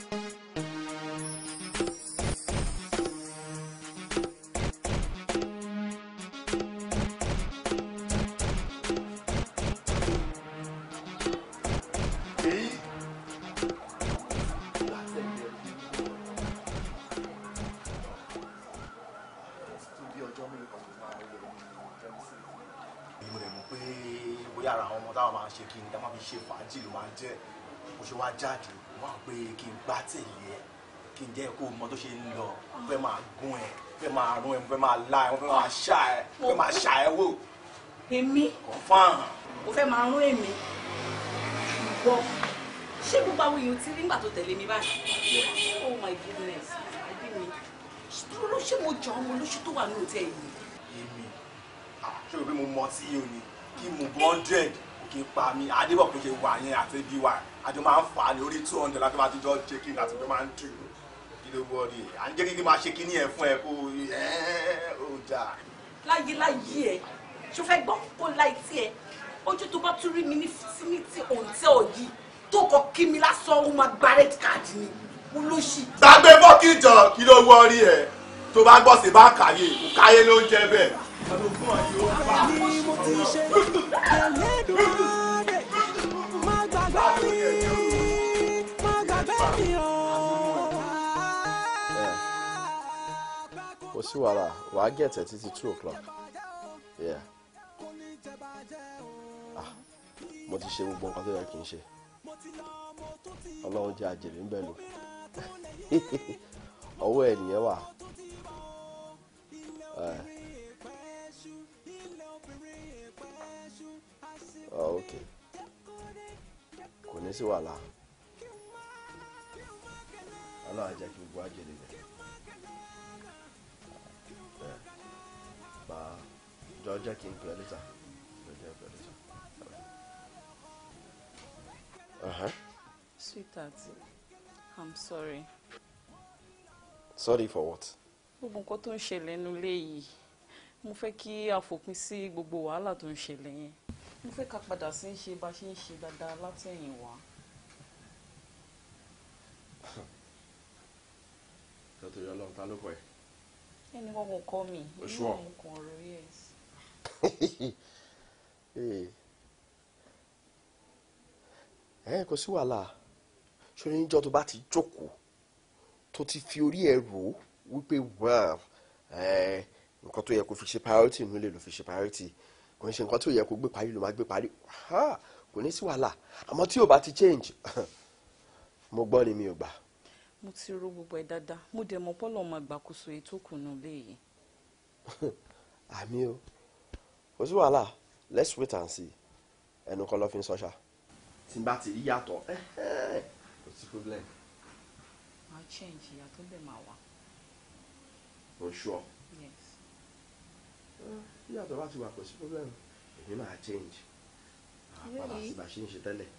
[SPEAKER 3] ṣe yẹ kí n jẹ́ kó mọ tó ṣe ń lọ fẹ́ máa gún ẹ fẹ́ máa rún ẹ fẹ́ máa la ẹ fẹ́ máa ṣá ẹ fẹ́ máa ṣá ẹ wò.
[SPEAKER 2] èmi confam. o fẹ́ máa rún èmi ìwọ ṣé gbogbo àwọn èèyàn ti rí nígbà tó tẹ̀lé mi báyìí oh my goodness àbí mi dúró ṣé mo jọ ọmọ olóṣù tó wà ní òtẹ́ yìí. èmi ah, ṣé
[SPEAKER 3] o mo mọ sí i ò ní kí mo bọ́ hundred kì í pa mí adébọ̀ kò ṣe wà yẹn àti ibi wà àti máa ń fà á ní orí two hundred láti máa ti ṣe kí láti jọ máa ń tù kí ló wọ rí à ń jẹ́ kí ni máa ṣe kí ni ẹ̀ fún ẹ kó ẹ ò dà.
[SPEAKER 2] láyé láyé ẹ ṣó fẹ́ gbọ́ kó láì tí ẹ ojú tó bá tún rí mi ní fitiniti òǹtẹ̀ òyì tó kọ kí mi lásán ó máa gba red card ni olóṣì. gbàgbé
[SPEAKER 3] bọ́kì jọ kí ló wọ rí ẹ tó bá gbọ́ sí bá kàyé kò ló ń jẹ bẹ́ẹ̀
[SPEAKER 1] ọ̀pẹ ni mo ti ṣe
[SPEAKER 3] kò sí wàhálà wàá gẹ̀tẹ̀ títí two o'clock yeah. ah, mo ti ṣe gbogbo nǹkan tó yẹ kí n ṣe
[SPEAKER 2] ọlọ́run jẹ́ àjèrè ń bẹ̀ lò <laughs> ọwọ́ ẹ̀
[SPEAKER 1] nìyẹn wà. Uh, Oh, ok kò ní
[SPEAKER 2] sí wàhálà ọlọ́run á jẹ́ kí gbogbo àjẹlẹ̀ rẹ̀
[SPEAKER 3] ẹ̀ bá jọ jẹ́ kí n pè ẹ́ lẹ́tà jọ jẹ́ pè ẹ́ lẹ́tà. Uh-huh.
[SPEAKER 2] sweetheart i'm sorry. sorry for what. gbogbo nǹkan tó ń ṣẹlẹ̀ nílé yìí mo fẹ́ kí a fòpin sí gbogbo wàhálà tó ń ṣẹlẹ̀ yẹn mo fẹ́ ká padà sí ń ṣe bá ṣe ń ṣe dáadáa látẹ̀yìn wá.
[SPEAKER 3] nítorí ọlọ́run ta ló kọ ẹ.
[SPEAKER 2] ẹni wọn kò kọ mi inú àwọn kan ọ̀rọ̀ yes. <laughs> ẹ kò sí wàhálà ṣorí níjọ́ tó bá ti jókòó tó ti fi orí ẹ̀ rò ó wípé wọ́n nǹkan tó yẹ kó fi ṣe priority nílé ló fi ṣe priority kò ń ṣe nǹkan tí ò yẹ kó gbé parí ló máa gbé parí kò ní sí wàhálà àmọ́ tí ò bá ti change <laughs> mo gbọ́ ni mi ò gbà. mo ti ro gbogbo ẹ dáadáa mo dẹ̀ mọ̀ pọ́lọ̀ ọmọ àgbàkóso èyí tó kùnú léyìí. <laughs> àmì o kò sí wàhálà let's wait and see ẹnu kọ́ ló fi ń sọ́ṣà. tí n bá ti rí yàtọ̀ <laughs> kò sí problem. máa change ìyàtọ̀ dẹ̀ máa wà. for sure. yes. Mm
[SPEAKER 3] nígbà tó wà kò sí
[SPEAKER 2] problem èmi máa change àpàlà sí bá ṣe ń ṣe tẹ́lẹ̀.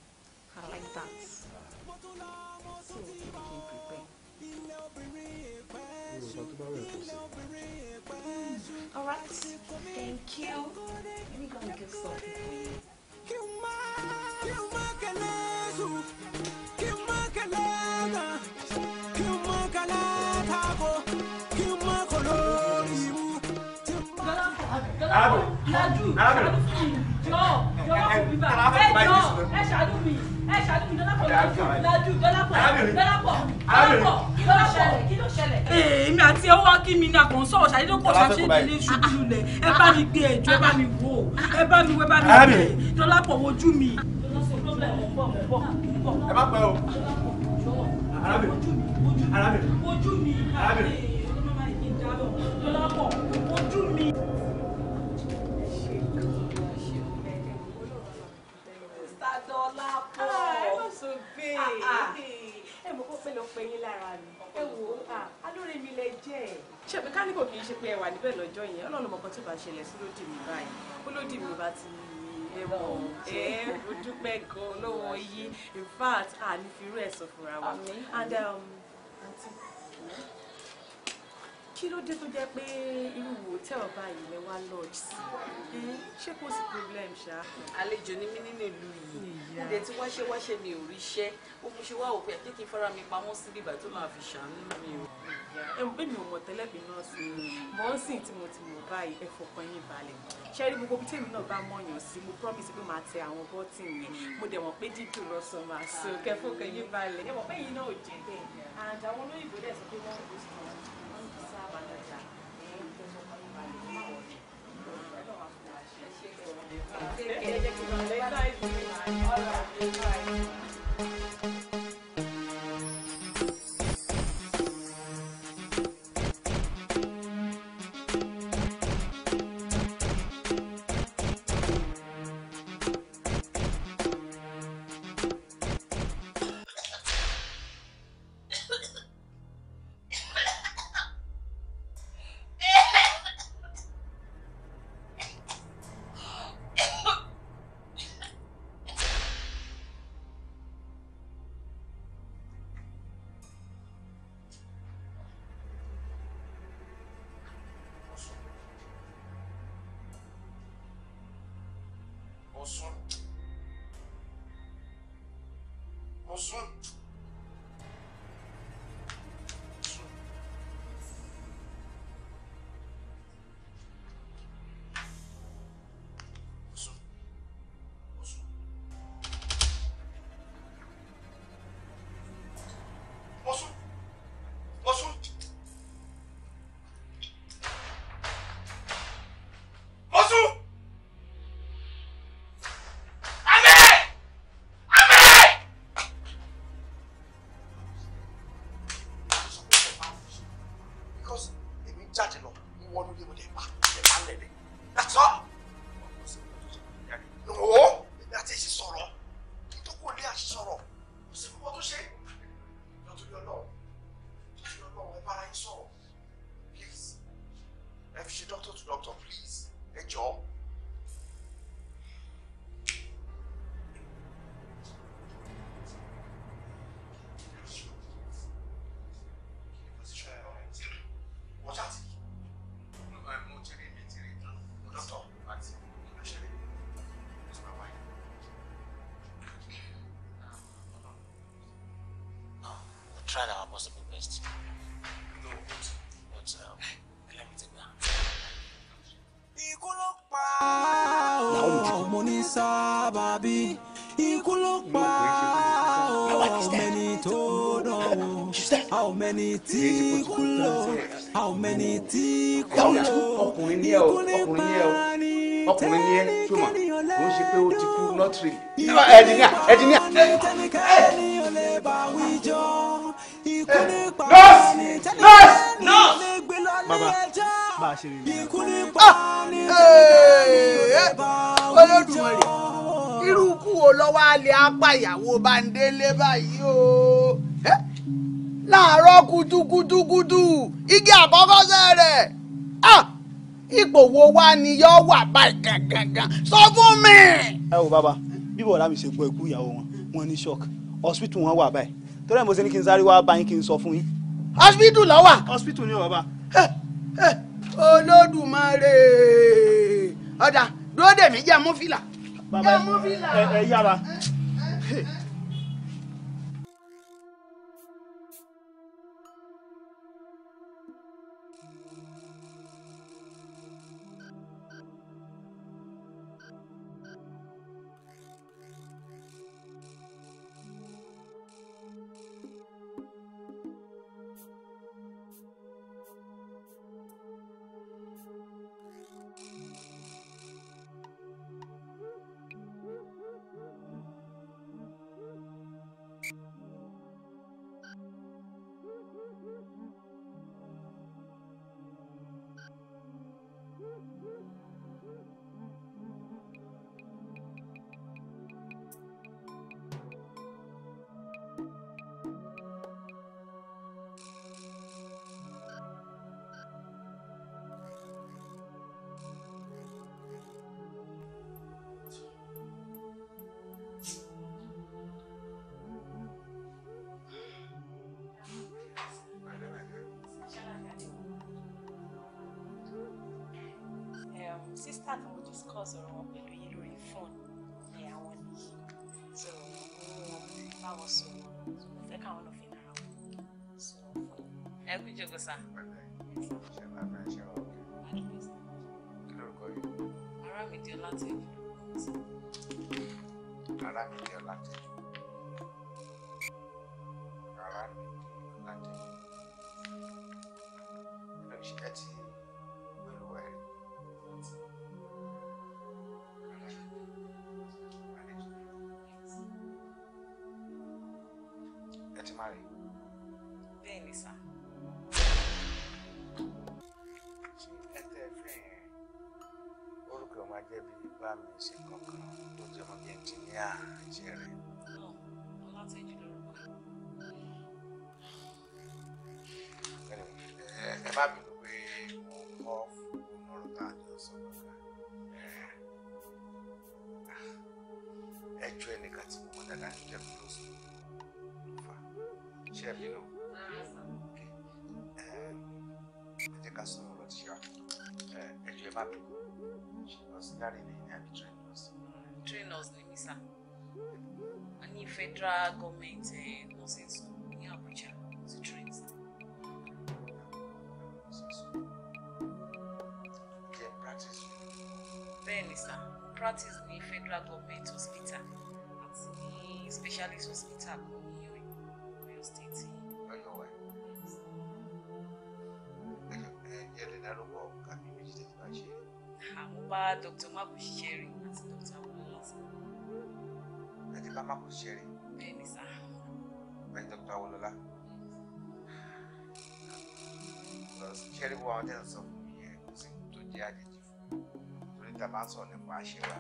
[SPEAKER 2] I like that. So mm.
[SPEAKER 1] Thank you. Let me go and give some ṣáájú ṣáájú
[SPEAKER 2] ṣáájú fún mi jọ jọ wà fún mi bá ẹ jọ ẹ ṣáájú mi ẹ ṣáájú mi dọ́lápọ̀ lájú dọ́lápọ̀ dọ́lápọ̀ dọ́lápọ̀ mi ní àkàn sọ̀rọ̀ ṣáájú ló pọ̀ ṣáájú ìdílé
[SPEAKER 1] ah, ah. ṣubú lulẹ̀
[SPEAKER 2] ẹ bá mi gbé ẹjọ́ mi wò ẹ bá mi wò ẹ bá mi gbé mi. ẹ má pẹ́ mi. Ah, ah. Ah, ẹ mọ̀ kó pé lọ yín lára mi ẹ wò ó alóore mi lẹ jẹ́ ẹ̀. ṣé kánìkò kì í ṣe pé ẹ níbẹ̀ lọ́jọ́ yẹn ọlọ́run mọ̀kàn tó bá ṣẹlẹ̀ sí lódì mi báyìí ó lódì mi bá ti ẹ mọ̀ ẹ dúpẹ́ gan lọ́wọ́ yí in fact àní fi irú ẹ̀ sọ fúnra wa and um, kí ló dé tó jẹ́ pé irú hòtẹ́ẹ̀lì báyìí lẹ wá lodge sí mm-hmm. ṣé kò sí problem ṣá. àlejò ni mí nínú ìlú yìí mo dẹ̀ ti wáṣẹ́ wáṣẹ́ mi ò rí iṣẹ́ ó mo ṣe wá òpin àti kí n fara mi pamọ́ sí bíbà tó máa fi ṣàánú mi o. ẹ mi ò mọ̀ tẹ́lẹ̀ náà sí i mọ̀ ń sìn tí mo ti báyìí ẹ fọkàn yín balẹ̀ ṣé rí gbogbo
[SPEAKER 1] bí náà bá mọ̀yàn sí mo promise pé màá tẹ àwọn bọ́tìn yẹn mo dẹ̀ mọ̀ pé dídùn lọ́sàn máa so kẹ yín balẹ̀ ẹ mọ̀ pé yín náà ò
[SPEAKER 2] jẹ́ bẹ́ẹ̀ and àwọn olóyìnbó dẹ̀ sọ pé wọ́n ń bó arguably tried our possible best. No, but,
[SPEAKER 1] but um, let me take that. Ikú ló pa ọmọ ní sábàbí. Ikú How many tí How many tí Ọkùnrin ní ẹ o, ń ṣe
[SPEAKER 2] pé ó ti kú lọ́tìrì. Ẹ̀dínìà, ẹ̀dínìà.
[SPEAKER 1] bàbá ah, eh, eh, bá a ṣe rí i.
[SPEAKER 2] olódùmarè irú kú wo lọ́wọ́ alẹ́ apá ìyàwó Bándélé báyìí o eh, láàárọ̀ kùtùkùtùkùtù igi àkọ́kọ́ sẹ́rẹ̀ ah, ipò wo wá ni yọ wà báyìí gangan sọ fún mi. ẹ wo bàbá bí bọ̀dá mi ṣe gbọ́ ikú ìyàwó wọn wọn ní shock hospital wọn wà báyìí torí ẹ̀ mo ṣe ní kí n sáré wá báyìí kí n sọ fún yín hospital ló wà. hospital ni o bàbá. olódùmarè ọ̀dà dúró dèmí jẹ́ mú fìlà. bàbá ẹ yára.
[SPEAKER 5] sísítà tí mo discuss
[SPEAKER 2] ọ̀rọ̀ wọn pẹ̀lú yín lórí fóònù ni
[SPEAKER 5] àwọn nìyí so
[SPEAKER 2] wọn báwọn sọ̀rọ̀ mo fẹ́ káwọn lọ fi nara wọn so ẹ kú jókòó sá. ṣe máa fẹ́ ṣe wọn. kí lórúkọ yìí. Àràmídé Ọlátẹ́jú. Àràmídé Ọlátẹ́jú. marry. Bẹ́ẹ̀ni sá. Ṣé ẹ tẹ́ ẹ fẹ́ yẹn? Orúkọ máa jẹ́ bíi bá mi ṣe kankan tó jẹ́ mọ́ Abi. She was carrying in and betraying us. Train us, Nimisa. And if federal government nursing eh, school in Abuja to train us. practice. Bẹ́ẹ̀ni sá, federal government hospital At the specialist hospital Dr. Mabushiri àti Dr. Awolowo sá. Medical Mabushiri. Bẹ́ẹ̀ni sá. Bẹ́ẹ̀ni Dr. Awolola. Ṣẹ́rí wo àwọn tẹ́ ń sọ fún mi yẹn kò sí tó jẹ́ àjèjì fún mi. Torí ta máa ń sọ nípa àṣewà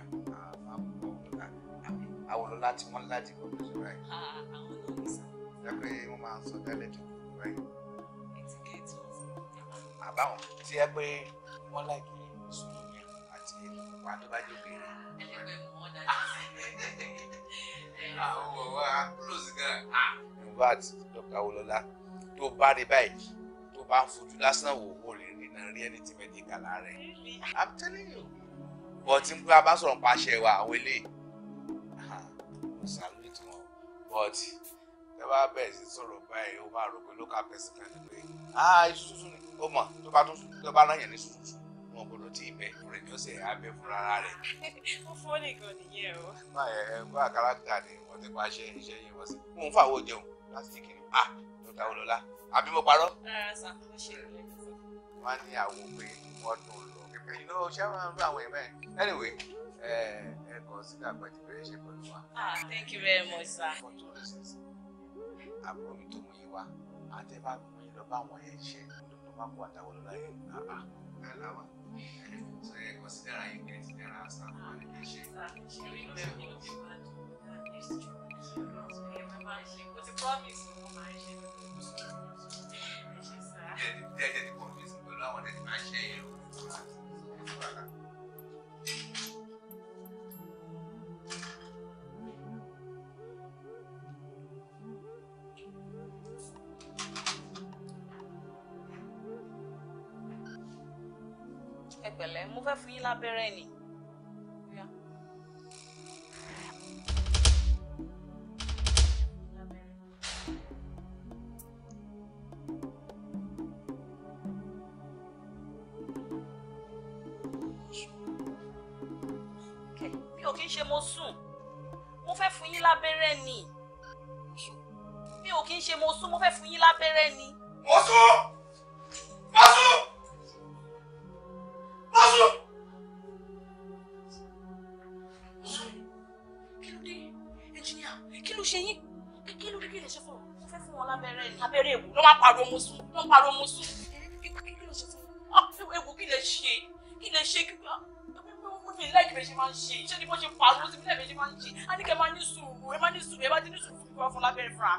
[SPEAKER 2] Awolola àmì Awolola tí wọ́n láti kọ́ bí ṣe báyìí. Àwọn náà ní sá. Ṣé pé wọ́n máa ń sọ dálẹ́ tó kù báyìí? Etíkẹ́ẹ̀tì. Àbáwọn tí ẹ pé wọ́n láì kí sùn àti wà tó bá jókè àwọn ọ̀wá close gan. in dr awolola tó bá rí báyìí tó bá ń fojú lásán wò ó rí nínú reality medical rẹ. i'm telling you. but n bá bá sọ̀rọ̀ pa àṣẹ wa àwọn eléyìí salute wọn but ẹ bá bẹ̀rẹ̀ sí sọ̀rọ̀ báyìí ó máa rò pé local person kan ní pé ah iṣu tuntun ni ó mọ̀ tó bá tún tó bá náà yẹn ní tuntun tí ibẹ̀ ọ̀rẹ́ ni ó sì abẹ fúnra rẹ̀.
[SPEAKER 5] ó fọ́ nìkan nìyẹn o.
[SPEAKER 2] báyẹn ẹ gbọ́ àkàràkà ni wọ́n ti pàṣẹ iṣẹ́ yẹn wọ́n sí. mo ń fàwọ́ jẹun láti kiri ah lọ́dà olóla àbí mo parọ́.
[SPEAKER 1] rárá sá ó ṣe ìrẹ̀lẹ̀
[SPEAKER 2] wọ́n ní àwọn òwe wọ́n dùn
[SPEAKER 1] lọ pípẹ́ iná ṣé wọ́n bá àwọn ẹ̀mẹ́
[SPEAKER 2] anyway ẹ ẹ kàn sí àgbàjì bẹ́ẹ̀ ṣe pẹ̀lú wa.
[SPEAKER 5] ah thank you very much
[SPEAKER 2] sir. for two reasons àbúrò mi tó mú yín wá àtẹ̀bá mi lọ bá àwọn ẹ̀ ṣe ló máa
[SPEAKER 1] kó so you consider you consider as a qualification. Dẹ́ẹ̀dẹ́ẹ̀dẹ́
[SPEAKER 2] kọ̀ọ̀mí sí pẹ̀lú àwọn ẹ̀dẹ̀ máa ṣe é. pẹ̀lẹ́ mo fẹ́ fún yín lábẹ́rẹ́ ni.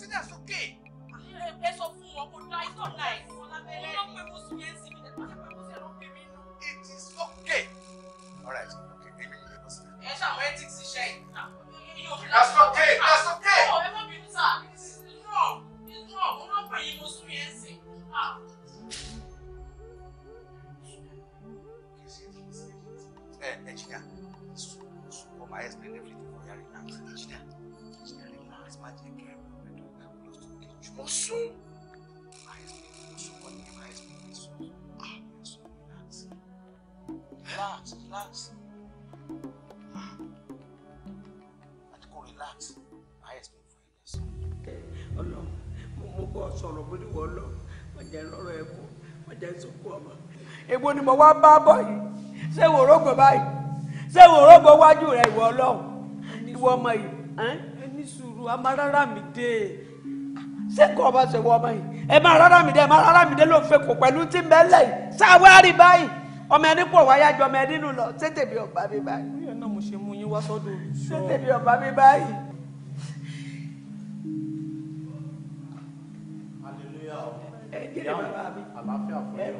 [SPEAKER 2] sílẹ̀ sókè. ẹ sọ fún wọn kò dá ìtọ́ náà ẹ̀ fún wọn lábẹ́rẹ́. wọ́n pè mú sùn sí mi nípa pé mo ṣe ló pè mí nù. it is okay.
[SPEAKER 1] all right okay èmi ò lè bọ́
[SPEAKER 2] ẹ ṣàwọn ethics iṣẹ́ yìí. Ah, that's okay that's jẹ́ lọ́rọ̀ ẹ̀kọ́ má jẹ́ sọ́kọ́ ọmọ. èwo ni mo wá bá bọ̀ yìí ṣé wò rógbò báyìí ṣé wò rógbò wájú rẹ̀ ìwọ ọlọ́run ìwọ ọmọ yìí. ẹni sùúrù a máa rárá mi dé. ṣé kò ọba ṣe wọ ọmọ yìí ẹ máa rárá mi dé ẹ máa rárá mi dé ló ń fẹ́ kò pẹ̀lú tí ń bẹ́ lẹ̀ yìí ṣáwárì báyìí ọmọ ẹni pọ̀ wáyà jọ ọmọ ẹni nù lọ ṣé tèmi ọba mi báyìí.
[SPEAKER 3] gèrè bàbá mi ẹ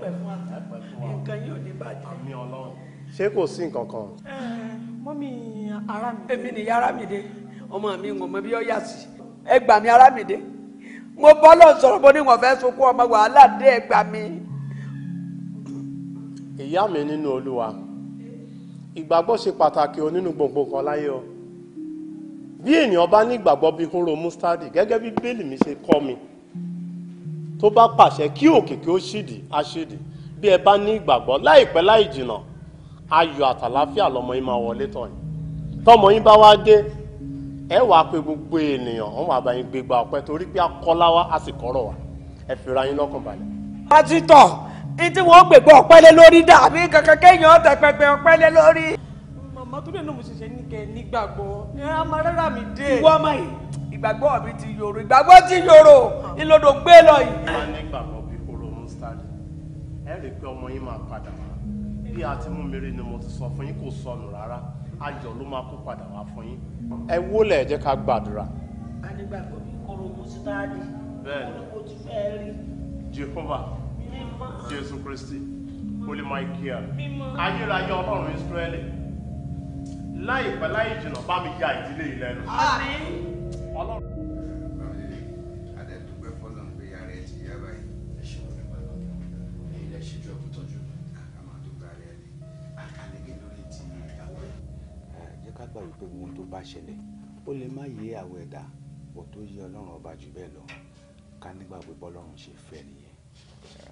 [SPEAKER 3] pẹ́ ṣé kò sí nǹkan kan. mọ́mí
[SPEAKER 1] ara mi.
[SPEAKER 2] èmi nìyá Arámidé
[SPEAKER 3] ọmọ
[SPEAKER 1] mi ń mọ bí ó yà sí
[SPEAKER 3] ẹ gbà mí Arámidé mo bọ́ lọ sọ̀rọ̀ mo ní wọ́n
[SPEAKER 2] fẹ́ sunkún ọmọ wàhálà dé ẹ gbà mí.
[SPEAKER 3] ìyá mi nínú Olúwa ìgbàgbọ́ ṣe pàtàkì o nínú gbogbo nǹkan láyé o bí ènìyàn bá ní ìgbàgbọ́ bí hóró mustadi gẹ́gẹ́ bí bẹ́ẹ̀lì mi ṣe kọ́ mi tó bá pàṣẹ kí òkè kí ó ṣìdì á ṣìdì bí ẹ bá ní ìgbàgbọ́ láìpẹ́ láì jìnà ayọ̀ àtàláfíà lọmọ yín máa wọlé tọ̀ yín tọmọ yín bá wá dé ẹ wàá pe gbogbo ènìyàn wọn wàá bá yín gbégbá ọpẹ́ torí pé akọláwa á sì kọrọ wa ẹ fira yín lọ́kàn balẹ̀. pásítọ̀ tí wọ́n gbègbọ́ ọpẹ́ lé lórí dàbí kankan kéèyàn tẹ pẹpẹ ọpẹ́ lé lórí. màmá
[SPEAKER 1] tó dé náà mo ṣẹ̀ṣẹ̀ ní kẹ́ ẹ nígbàgbọ́ ẹ á máa rárá mi dé. ìwọ ọmọ yìí ìgbàgbọ́ mi ti yòrò ìgbàgbọ́
[SPEAKER 2] ti yòrò ìlòdò gbé lọ
[SPEAKER 3] yìí. a ní gbàgbọ́ bí kóró mustard ẹ rí i pé ọmọ yín máa padà wá bí a ti mú mi rí ni mo ti sọ fún yín kò sọnù rárá ayọ̀ ló máa kó padà wá fún yín. ẹ wólẹ̀ ẹ jẹ́ ká gbàdúrà. a ní gbàgbọ́ bí kóró mustard bẹ́ẹ̀ ni mo ti fẹ́ rí. Jehovah Jésù Kristi holy michael ayérayé ọlọ́run Ísírẹ́lì láìpẹ́ láì jìnnà bá mi ya ìdílé yìí lẹ́nu. àmín ọlọ́run. adẹ́dùgbẹ́ fọ́nà pé ara ẹ ti yá báyìí. ẹ ṣe wọn nípa lọ èyí
[SPEAKER 2] lẹ ṣe ju ẹkú tọ́jú. àkàmà tó ga rẹ ni àkàlẹ́gẹ́ lórí ohun tó bá ṣẹlẹ̀ ó lè má yé àwọ̀ ẹ̀dá bọ̀ tó yé ọlọ́run ọba jù bẹ́ẹ̀ lọ ká nígbàgbé bọ́lọ́run ṣe fẹ́ nìyẹn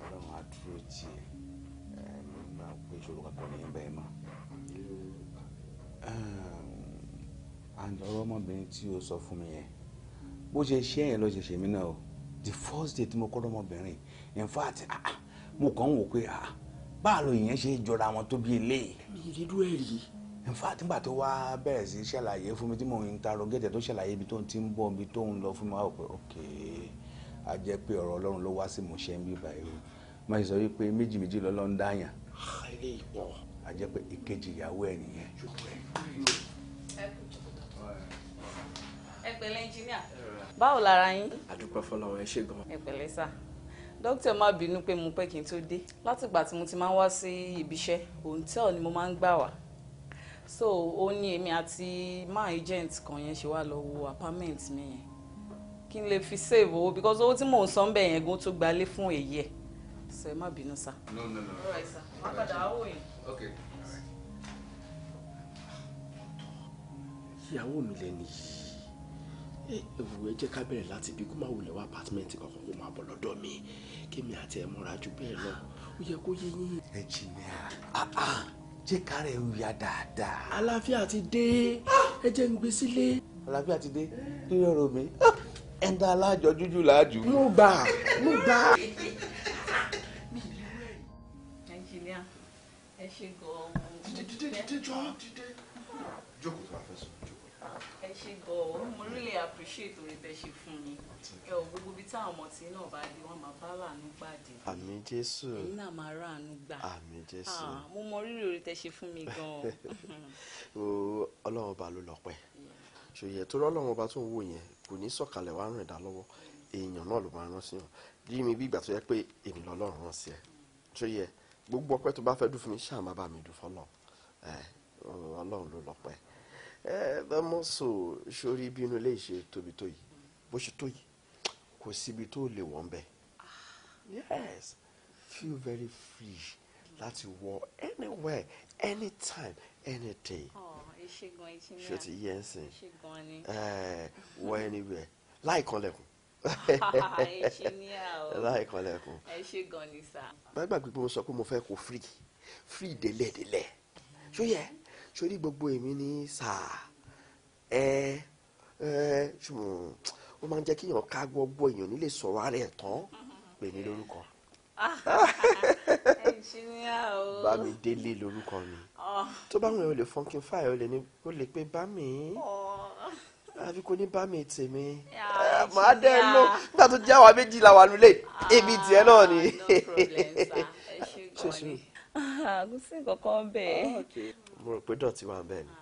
[SPEAKER 2] ọlọ́run á dúró tiẹ̀ máa pé ìṣòro kankan ní bẹ́ẹ̀ mọ́. àǹdọ̀rọ̀ ọmọbìnrin tí o sọ fún mi yẹn bó ṣe ṣe ẹ̀ lọ ṣẹ̀ṣẹ̀ mi náà o the first day tí mo kọ́ lọ́mọbìnrin in fact ah, ah, mo kàn ń wò pé ah, báàlù ìyẹn ṣe jọra wọn tó bí eléyìí. mi ì rí irú ẹ̀ rí. in fact nígbà tó wá bẹ̀rẹ̀ sí ṣàlàyé fún mi tí mo ń tarọ gẹ́tẹ̀ tó ṣàlàyé ibi tó ti ń bọ̀ ibi tó ń lọ fún mi wá pé ok a jẹ́ pé ọ̀rọ̀ Ọlọ́run ló wá sí mo ṣe ń bí báyìí o máa ṣe sọ wípé méjì méjì lọ́lọ́ ń dáyàn. a jẹ́ pé ìkejì ìyàwó ẹ̀ nìyẹn ẹ pẹ̀lẹ́ ẹnjìníà. báwo lára yín. àdúpẹ́ fọlọ́wọ́ ẹ ṣe gan. ẹ pẹ̀lẹ́ sà dókítà má bínú pé mo pẹ́ kí n tó dé látìgbà tí mo ti máa ń wá sí ibiṣẹ́ òǹtẹ́ọ̀ ni mo máa ń gbà wá so ó ní èmi àti my agent kan yẹn ṣe wá lọ wo apartment mi yẹn kí n lè fi save owó because owó tí mò ń san bẹ́ẹ̀ yẹn gan tó gbalé fún èyí ẹ̀ so ẹ má bínú sà. no no no. all right sir má padà wá wò okay. ìyàwó mi lẹ́nu yìí ẹ wò ẹ jẹ́ ká bẹ̀rẹ̀ láti ibi kó má wulẹ̀ wá apartment kankan kó má bọ̀ lọ́dọ̀ mi kémi àti ẹ múra ju bẹ́ẹ̀ lọ ó yẹ kó yé yín. ẹ jìnnà ah, ah. jẹ́ ká dáadáa. aláfíà ti dé ẹ jẹ́ ń gbé sílé. aláfíà ti dé lórí ọ̀rọ̀ mi ẹ̀ ń dá alájọ jújù láàjù. mo gbà mo gbà. ẹ ṣe gan-an. dídé dídé dídé jókòó tó a fẹ́ sọ ṣe gan-an mo really appreciate orí tẹ́ ṣe fún mi ẹ ò gbogbo ibi táwọn ọmọ tí náà bá dé wọn máa bá láàánú pàdé. àmín jésù ẹ̀yin náà máa ráàánú gbà àmín jésù ah, mo mọ rírì orí tẹ́ ṣe fún mi gan-an. <laughs> ọlọ́run ọba ló lọ́pẹ́ ṣòyẹ tó rọ́lọ́run ọba tó ń wò yẹn kò ní sọ̀kalẹ̀ wá rìn dá lọ́wọ́ èèyàn náà ló máa rán sí wọn rí mi bí ìgbà tó yẹ pé èmi lọ́lọ́run rán sí ẹ ṣòyẹ gbogbo ọpẹ́ tó bá fẹ́ dùn fún mi ṣáà má bá mi dùn fọlọ́ ọlọ́run ló lọ́pẹ́ ẹ bá mọ̀ sọ sórí bínú ilé ìṣe tóbi tó yìí bó ṣe tó yìí kò síbi tó lè wọ́n bẹ̀ yes feel very free láti wọ anywhere anytime any day ṣe ti yẹ ẹ sìn ẹ wọ anywhere láì kanlẹ̀kùn láì <laughs> kanlẹ̀kùn. ẹ ṣe gan ni sá. gbàgbà gbogbo mo sọ pé mo fẹ́ kó free free délẹ̀délẹ̀ ṣó yẹ. Mm -hmm sórí gbogbo èmi ní sáà ẹ ẹ ṣùgbọ́n ó máa ń jẹ́ kíyàn ká gbogbo èèyàn nílé sọ̀rọ̀ ara ẹ̀ tán pè mí lórúkọ. bámi délé lórúkọ mi tó bá wọn ò lè fọnkin fáì ó lè pé bámi àfi kò ní bámi tèmi màá dẹ́ ẹ lọ nígbà tó jẹ́ àwa méjì làwọn àlùlé èmi tiẹ̀ náà ni. no problem sir. <laughs> kò sí kankan bẹ́ẹ̀.
[SPEAKER 3] Ah, mo rò pé dọ̀tí wà bẹ́ẹ̀ ni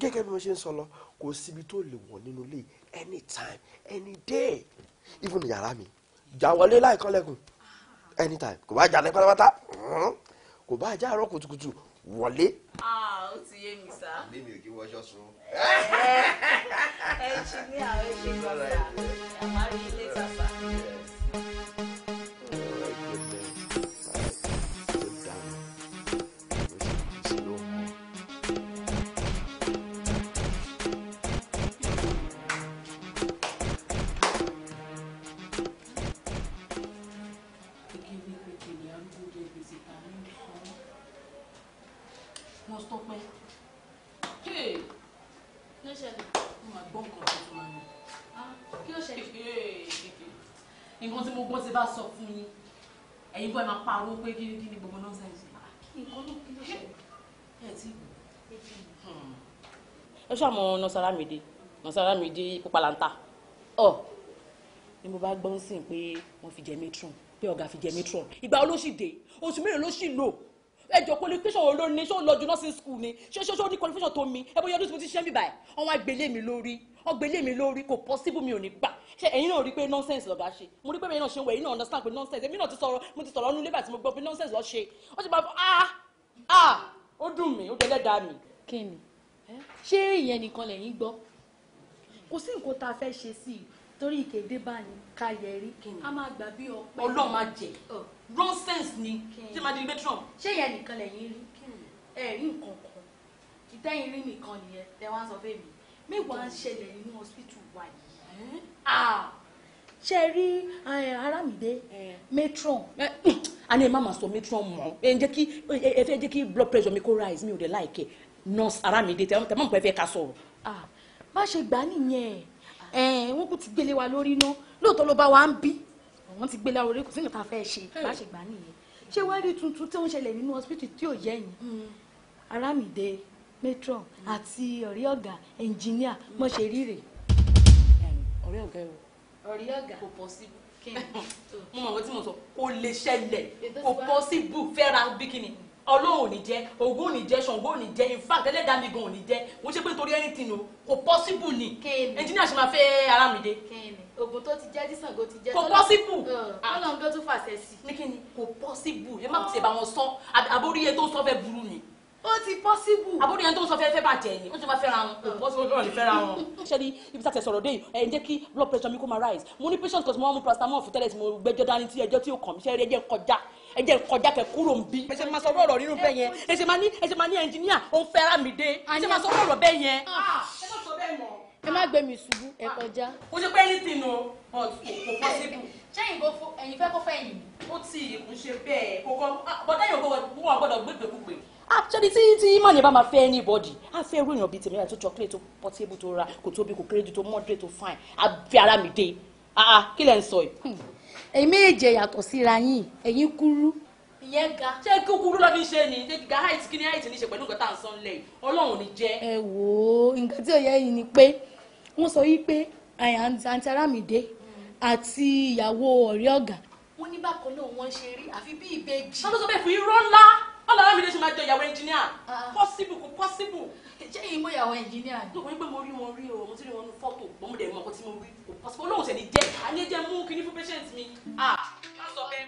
[SPEAKER 2] gẹ́gẹ́ bí mo ṣe ń sọ lọ kò síbi tó lè wọ̀ nínú ilé anytime any day even yàrá mi jà wọlé láìkọ́ lẹ́kùn anytime kò bá jà ní pátápátá mm-hmm. kò bá jà àárọ̀ kùtùkùtù wọlé. Ah, ó ti yé mi sá. àmì mi ò kí wọṣọ sun.
[SPEAKER 1] ẹ ṣe ní àwọn ìṣègùn ọ̀la ẹ̀ máa rí ilé tàfà.
[SPEAKER 2] pariwo pé kí ni kí ni gbogbo nọ́ọ̀sẹ̀sì. Ah, kí ni kọ́ ló kí ló ṣe ẹ ti gbọ́. ẹ ṣàmọ nọsaramide nọsaramide pípalanta ọ oh, ni mo bá gbọ́ ń sìn pé wọ́n fi jẹ matron pé ọ̀gá fi jẹ matron ìgbà olóṣìdè oṣù mélòó ló ṣì lò ẹjọ qualification wo ló ní ṣé ó lọ ju nursing school ni ṣé ṣé ó ní qualification tó mi ẹ bó yọdún tí mo ti ṣe ń bíbà ẹ ọwọ́ àgbélé mi lórí ọgbélé mi lórí kò possible mi ò ní gbà ṣe ẹ̀yin náà rí pé nonsense lọ́gà ṣe mo rí pé ẹ̀yin náà ṣe wẹ̀ ẹ̀yin náà understand pé nonsense èmi náà ti sọ̀rọ̀ mo ti sọ̀rọ̀ ọ́nú lébà tí mo gbọ́ pé nonsense lọ́ ṣe ó ti bá fún ah ah ó dùn mí ó dẹlẹ́ dá mi. kí ni ṣé ìyẹn nìkan lẹ́yìn gbọ́ kò sí nǹkan tá a fẹ́ ṣe sí i torí ìkéde bá ní ká yẹrí a máa gbà bí ọpẹ́ Ọlọ́run máa jẹ nonsense
[SPEAKER 1] ni ṣé máa di
[SPEAKER 2] ní metron. ṣé ìyẹn nìkan lẹ́yìn rí ẹ rí nǹkan kan ìtẹ́yìn rí nìkan nìyẹn lẹ wá sọ fẹ́mi mẹ́wàá ń ṣẹlẹ̀ nínú hospital wa yìí ṣe rí Àràmídé metron àná ẹ má máa sọ metron mọ́ ẹ jẹ́ kí ẹ fẹ́ jẹ́ kí blood pressure mi kó rise mi ò dé láìkẹ́ nurse Àràmídé tẹ́ mọ̀ pé ẹ fẹ́ ká sọ̀rọ̀. má ṣe gbà nìyẹn Eh, wọ́n kò ti gbélé wa lórí náà lóòótọ́ ló bá wa ń bí wọ́n ti gbélé wa lórí kò sí nǹkan tá a fẹ́ ṣe bá ṣe gbà nìyẹn ṣé wàá rí tuntun tí wọ́n ṣẹlẹ̀ nínú hospital tí ò yẹ yín hmm. Arámìdé matron àti ọ̀rẹ́ ọ̀gá ẹnjìníà mọ̀ ṣe ríre. Hmm. ọ̀rẹ́ ọ̀gá ẹ̀rọ. ọ̀rẹ́ ọ̀gá kò pọ̀ síbù. <laughs> mo mọ̀ wọ́n tí mo sọ kò lè ṣẹlẹ̀ kò pọ̀ síbù fẹ́ra bíkíni ọlọ́run ò ní jẹ́ ògún ò ní jẹ́ ṣàngó ò ní jẹ́ in fact ẹlẹ́dàá mi gan ò ní jẹ́ mo ṣe pé nítorí anything o kò possible ni engineer ṣe máa fẹ́ arámìdé. ògùn tó ti jẹ́ tí ṣàngó ti jẹ́ kò possible. Ah. ọlọ́run ló tún fàṣẹ sí. ní kí ni kò possible ẹ má ti ṣe bá wọn sọ àbórí iye tó sọ fẹ́ burú ni ó ti possible. àbúrò yẹn tó ń sọ fẹ́ fẹ́ bàjẹ́ ni ó ti máa fẹ́ra wọn kò possible lọ́rọ̀ ní fẹ́ra wọn. ṣé ibi tí a ti sọ̀rọ̀ dé yìí ẹ̀ ń jẹ́ kí blood pressure mi kó máa rise mo ní patient kan tí mo wá mú paracetamol fún tẹ́lẹ̀ tí mo gbẹ́jọ́ dání tí ẹjọ́ tí ó kàn mí ṣe eré kọjá ẹ jẹ́ kọjá kẹ kúrò ń bí. ẹsẹ̀ máa sọ ọ̀rọ̀ nínú bẹ́ẹ̀ yẹn ẹsẹ̀ máa ní ẹsẹ̀ máa ní ẹnjìníà ó ń fẹ́ ra mi dé ẹsẹ̀ máa sọ ọ̀rọ̀ bẹ́ẹ̀ yẹn. Ah, ẹ má gbé mi ṣubú ẹ kọjá. o ah, ṣe pé ẹni tì nù ọ kò síbù. sẹ́yìn bó fún ẹ̀yin fẹ́ kó fẹ́ yìn. ó tì kò ṣe bẹ́ẹ̀ kò kọ́ bọ́dá yóò gbọ́dọ̀ gbé actually tí tí màní bá máa fẹ́ anybody á fẹ́ irú èèyàn bíi tèmi náà chocolate tó portable tó ra kò tóbi kò kéré tó moderate tó fine á fi ara mi dé ah, ah ń sọ yìí. Hmm ẹ̀yin méje yàtọ̀ síra yín ẹ̀yin kúrú ìyẹn ga ṣé kúkúrú lọ́ fi ṣe ni ṣé ga height kí ni height ní ṣe pẹ̀lú nǹkan tá à ń sọ nílẹ̀ ọlọ́run ni jẹ́. ẹ wò ó nǹkan tí òye yìí ni pé wọ́n sọ yìí pé àǹtí arámìdé àti ìyàwó ọ̀rẹ́ ọ̀gá. wọ́n ní bákan náà wọ́n ṣe rí àfi bí ìbejì. wọ́n tó sọ bẹ́ẹ̀ fún irọ́ ńlá ọ̀làrámìdé ṣe máa jọ ìyàwó ẹnjìníà ah. possible kò possible ṣé yìí bóyá àwọn ẹnjìníà ni. mo rí pé mo rí wọn rí o mo ti rí wọn nu fọ́tò gbọ́n mo dẹ̀ mọ ọkọ tí mo rí kò pọ́sibọ́ lóhùn tẹ̀lé jẹ́ àyè mú kinní fún patient mi. a ah, má sọ bẹ́ẹ̀.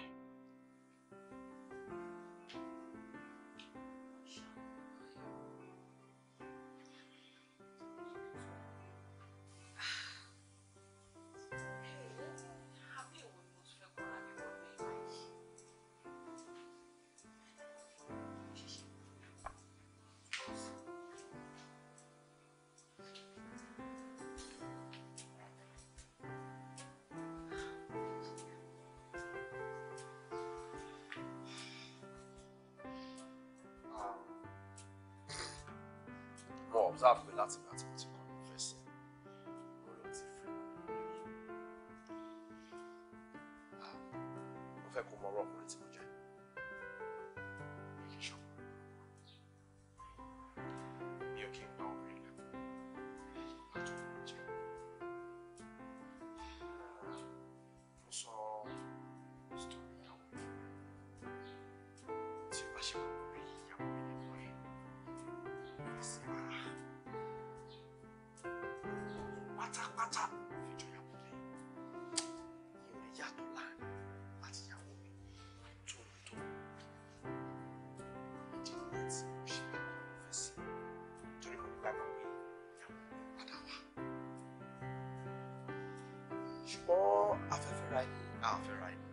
[SPEAKER 2] observe pé láti gbà
[SPEAKER 1] or a
[SPEAKER 2] favorite, a variety.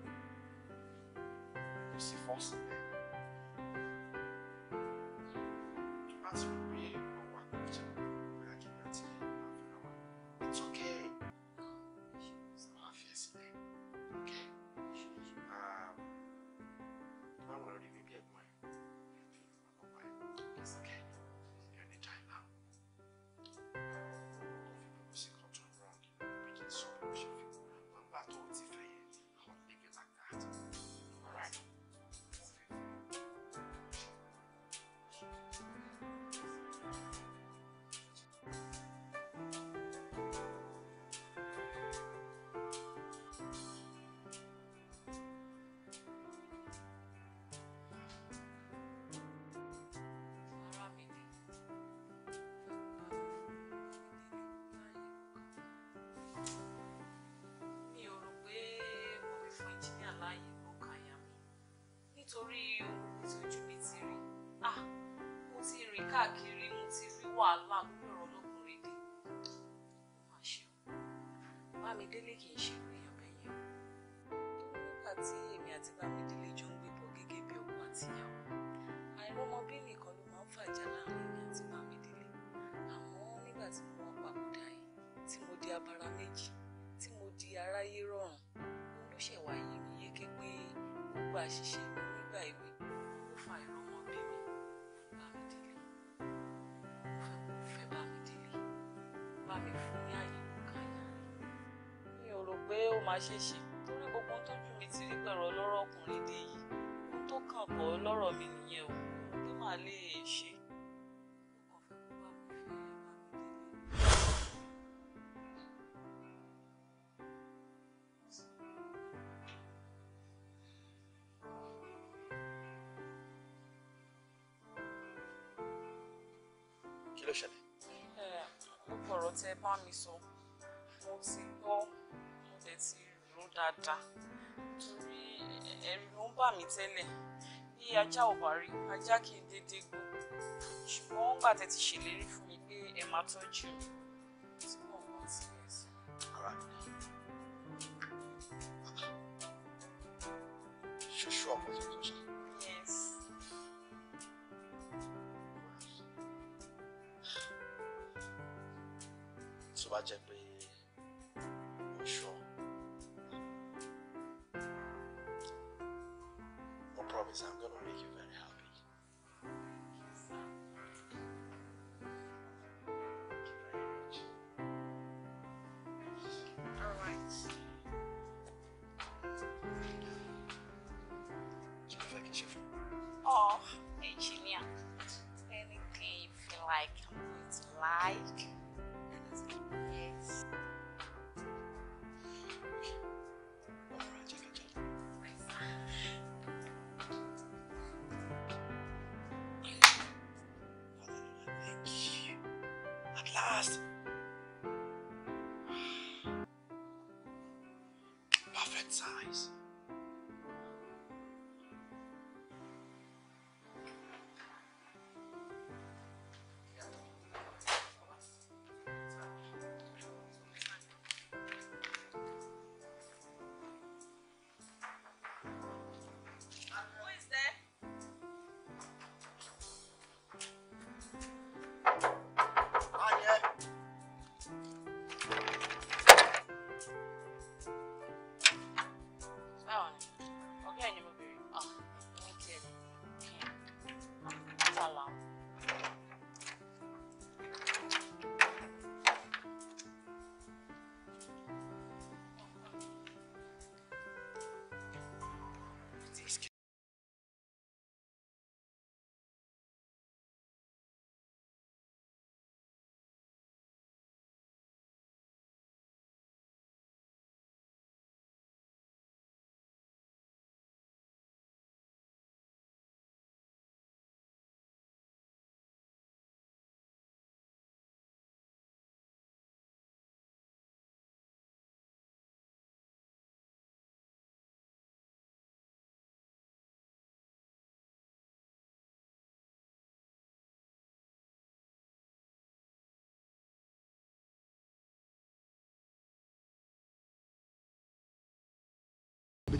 [SPEAKER 2] torí ohun tí ojú mi ti rí ah mo ti rìn káàkiri mo ti rí wàhálà lórí ọ̀rọ̀ ọlọ́kùnrin dé ó mà ṣe o Bámidélé kì í ṣe èèyàn bẹ́ẹ̀ yẹn o nígbà tí èmi àti Bámidélé jọ ń gbé bọ̀ gẹ́gẹ́ bí ọkọ àti ìyàwó àìrọ́mọbí nìkan ló máa ń fàjà láàrin èmi àti Bámidélé àmọ́ nígbà tí mo wá papòdà yìí tí mo di abara méjì tí mo di aráyé rọrùn ló ṣẹ̀wá yé mi pé gbogbo àṣìṣe mi nígbà ìwé ó fa ìrọmọ bí mi bá mi délé ó fẹ́ kó fẹ́ bá mi délé bá mi fún ní àyè kó mi ò rò pé ó máa ṣe é ṣe torí gbogbo tójú mi ti rí pẹ̀rọ lọ́rọ̀ ọkùnrin dé yìí ohun tó kàn kọ́ lọ́rọ̀ mi nìyẹn o pé màá lè ṣe tẹ bá mi sọ mo ti gbọ́ mo tẹ̀ ti rò dáadáa torí ẹ̀rù ló ń bà mí tẹ́lẹ̀ bí ajá ò bá rí ajá kì í dédé gbó ṣùgbọ́n wọ́n gbà ti ṣèlérí fún mi pé ẹ máa tọ́jú tí mo mọ̀ sí ẹ̀sìn. ṣíṣú ọmọ tuntun ṣe.
[SPEAKER 5] chief or oh,
[SPEAKER 2] engineer. Anything you feel like i like.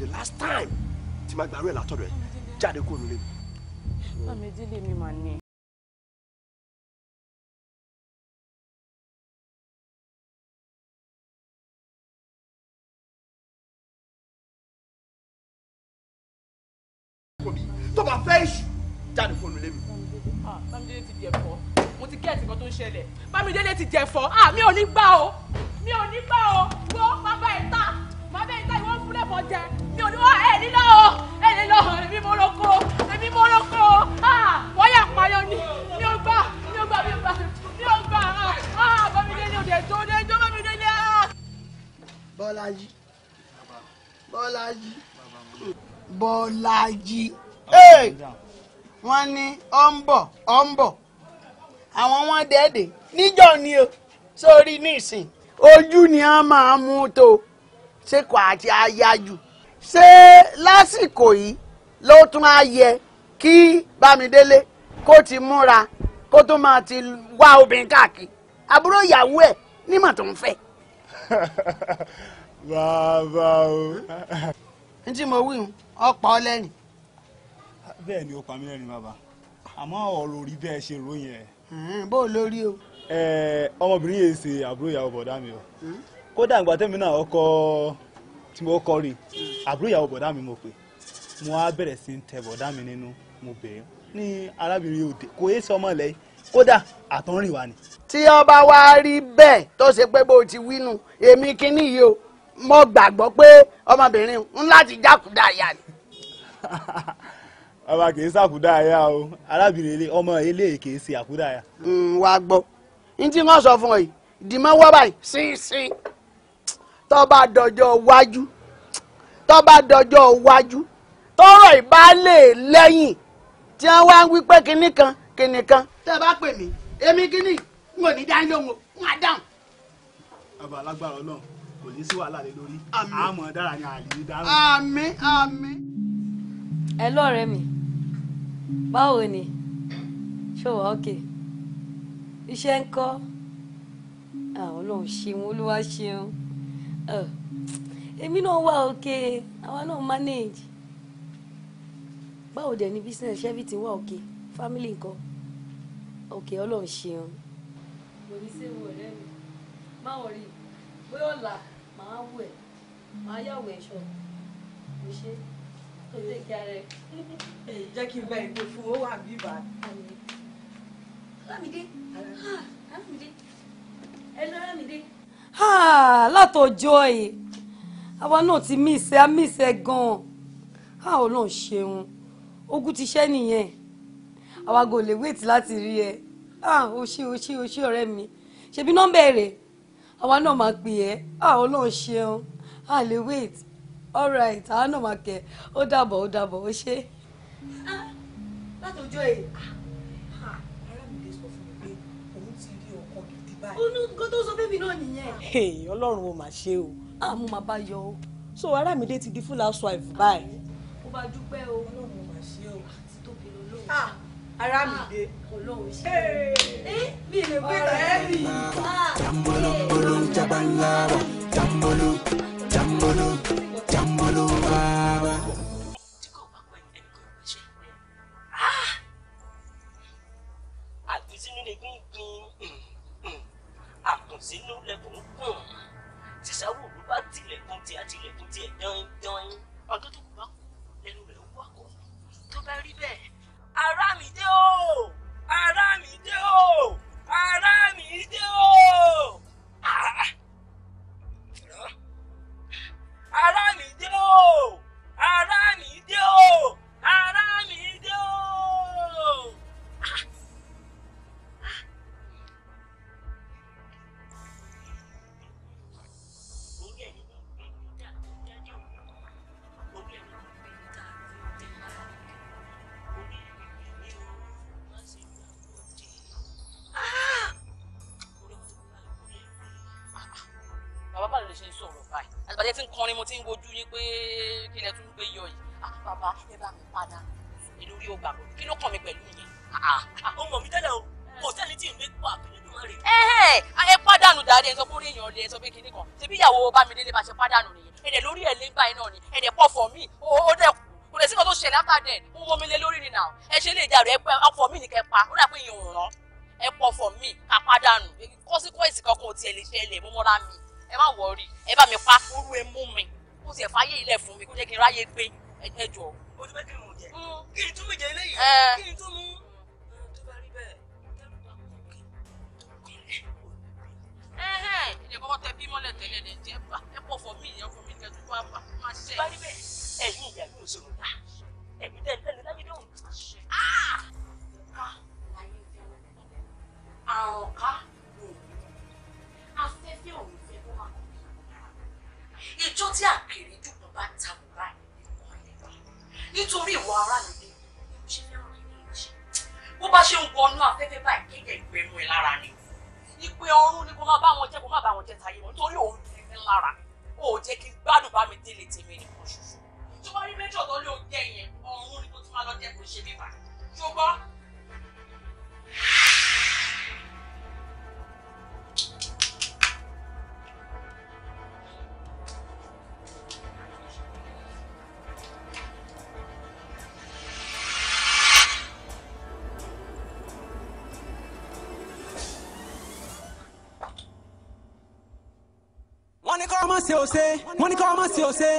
[SPEAKER 4] the last time Ti màá gbàrú ẹ̀ látọ̀dọ̀ ẹ̀ jáde kó nulẹ̀ mi. àmì ìdílé mi mà ní. tó bá fẹ́ ìṣù jáde kó nulẹ̀ mi. bámidélé ti jẹ fọ mo ti gẹ́ẹ̀tì kan tó ń ṣẹlẹ̀ bámidélé
[SPEAKER 2] ti jẹ fọ ah, mi ò ní gbà o mi ò ní gbà o gbọ́ bàbá ẹ̀ ta ọmọ jẹ mi ò ní wọ́n ẹ̀ nílò ẹ̀ nílò èmi mo lọ kó èmi mo lọ kó ah, ni mi ò gbà mi ò gbà mi ò gbà mi ò gbà ah, ah, bámidélé òde tó dé tó bámidélé. Bọ́lájí Bọ́lájí Bọ́lájí wọ́n ní ọ̀ ń bọ̀ ọ̀ ń bọ̀ àwọn wọn dẹ́ẹ̀dẹ̀ níjọ́ ni o sórí nísìn ojú ni a máa mú tó ṣé kò àti ayájú ṣé lásìkò yìí ló tún á yẹ kí Bámidélé kó ti múra kó tó máa ti wá obìnrin káàkiri àbúrò ìyàwó ẹ̀ nímọ̀ tó ń fẹ́.
[SPEAKER 3] <laughs> bàbá
[SPEAKER 2] o. n tí mo wí ọ pa bẹ́ẹ̀ ni ó pa mí lẹ́rìn bàbá àmọ́ ọ̀rọ̀ orí bẹ́ẹ̀ ṣe ròyìn ẹ̀. bó o lórí o.
[SPEAKER 3] ọmọbìnrin yìí ṣe àbúrò ìyàwó bọ̀dá mi o. kódà ìgbà tẹ́mi náà ọkọ̀ tí mo kọ́ rí àbúrò ìyàwó bọ̀dá mi mo pè mo á bẹ̀rẹ̀ sí tẹ bọ̀dá mi nínú
[SPEAKER 2] mo bẹ̀rẹ̀ ní arábìnrin òde kò yé sọmọ lẹ́yìn kódà àtọ́rìn wa ni. tí ọba wa rí bẹ́ẹ̀ tó ṣe pé bó ti wínú èmi kínní yìí o mo gbàgbọ́ pé ọmọbìnrin ń láti jákúdá àyà ni. <laughs> ọba kì í ṣàkúdá àyà o arábìnrin ilé ọmọ ilé kì í ṣe àkúdá àyà. wàá gbọ́ ní tí wọ́n sọ fún ọ yìí wọ́ báyìí sí sí. tó bá dọjọ́ wájú tó bá dọjọ́ wájú tọrọ ìbálẹ̀ lẹ́yìn tí wọ́n wá ń wí pé kinní kan kinní kan. tẹ́ ẹ bá pè mí èmi kinní n ò ní dání lóhùn n á dáhùn. bàbá alágbára Ọlọ́run kò ní sí wàhálà lé lórí àmọ́ dára ni àlè ní dáhùn. àmín àmín. ẹ lọ́ọ̀rẹ́ mi báwo ni ṣòwò ọ̀kẹ́ iṣẹ́ ń kọ́ àwọn Ọlọ́run ṣeun Olúwa ṣeun. Oh. èmi náà wà òkè àwa náà manage báwo dẹ̀ ni business everything wà òkè family nǹkan òkè ọlọ́run ṣeun. mo ní sẹ́wọ̀ ọ̀rẹ́ mi máa wọ̀ rí bóyá ọ̀la màá wù ẹ̀ màá yàwó ẹ̀ṣọ́ mo ṣe tó tẹ̀ kí ara ẹ̀.
[SPEAKER 1] jẹ́ kí n bá ìgbé fún
[SPEAKER 2] owó àbí ìbá. Rámídé Rámídé ẹ lọ Rámídé látọjọ́ ẹ̀ àwa náà ti mísẹ́ á mísẹ́ gan-an á ọlọ́run ṣeun ogún ti ṣẹ́ nìyẹn àwa gò lè wéètì láti rí ẹ ó ṣé ó ṣé ó ṣé ọ̀rẹ́ mi ṣebí nọ́mbà rẹ̀ àwa náà máa pè ẹ́ á ọlọ́run ṣeun á lè wéètì all right àwa náà máa kẹ́ ó dàbọ̀ ó dàbọ̀ ó ṣé. Ah, látọjọ́ ẹ̀. ó ní nǹkan tó sọ bébì náà nìyẹn. ọlọ́run ò mà ṣe o àmú ah, máa bá yọ o so Àràmídé ti di full housewife báyìí. ó bá dúpẹ́ o ọlọ́run ò mà ṣe o àti tóbi lọ́lọ́run. Àràmídé
[SPEAKER 1] ah, ọlọ́run ṣe é eh, mi lè gbé tẹ̀lé mi. Ah. jambolo
[SPEAKER 3] bolo jabalaba jambolo
[SPEAKER 1] jambolo jambolo baba.
[SPEAKER 2] kọrin mo ti ń wojú yín pé kí lẹ tún gbé yọ yìí ah, bàbá ẹ bá mi padà ìlórí ọgbà kí ló kàn mí pẹ̀lú yẹn ah, ah, ó mọ̀ mí tẹ́lẹ̀ o kò sẹ́ni tí ì mé kó àbẹ̀lẹ̀ ló rè. ẹ pádànù dáadé ẹ sọ pé èèyàn lè sọ pé kinní kan ṣebí ìyàwó Bámidélé bá ṣe pádànù nìyẹn ẹ̀dẹ̀ lórí ẹ̀ lé ń báyìí náà ni ẹ̀dẹ̀ pọ̀ fọ̀ mí ó dẹ̀ kú kò lè sí kan tó ṣẹlẹ̀ látàdẹ̀ ń wọ́n mi lé lórí ni náà ẹ ṣe lè dàrú ẹ pẹ́ ọ̀fọ̀ mí nìkẹ́ pa ó dà pé èèyàn ràn ẹ pọ̀ fọ̀ mí ká pádànù consequence kankan ò tiẹ̀ lè ṣẹlẹ̀ mọ́mọ́ra mi ẹ má wọrí ẹ bá mi pa orú ẹ mi kó sì fàyè ilẹ̀ fún mi kó jẹ́ kí n ráyè gbé ẹjọ́. ojú bẹ́ẹ̀ mm. kí n mú jẹ kí n tún mú jẹ eléyìí kí n
[SPEAKER 1] ní kọ́ ọmọ ṣe òṣè wọ́n ní kọ́ ọmọ ṣe òṣè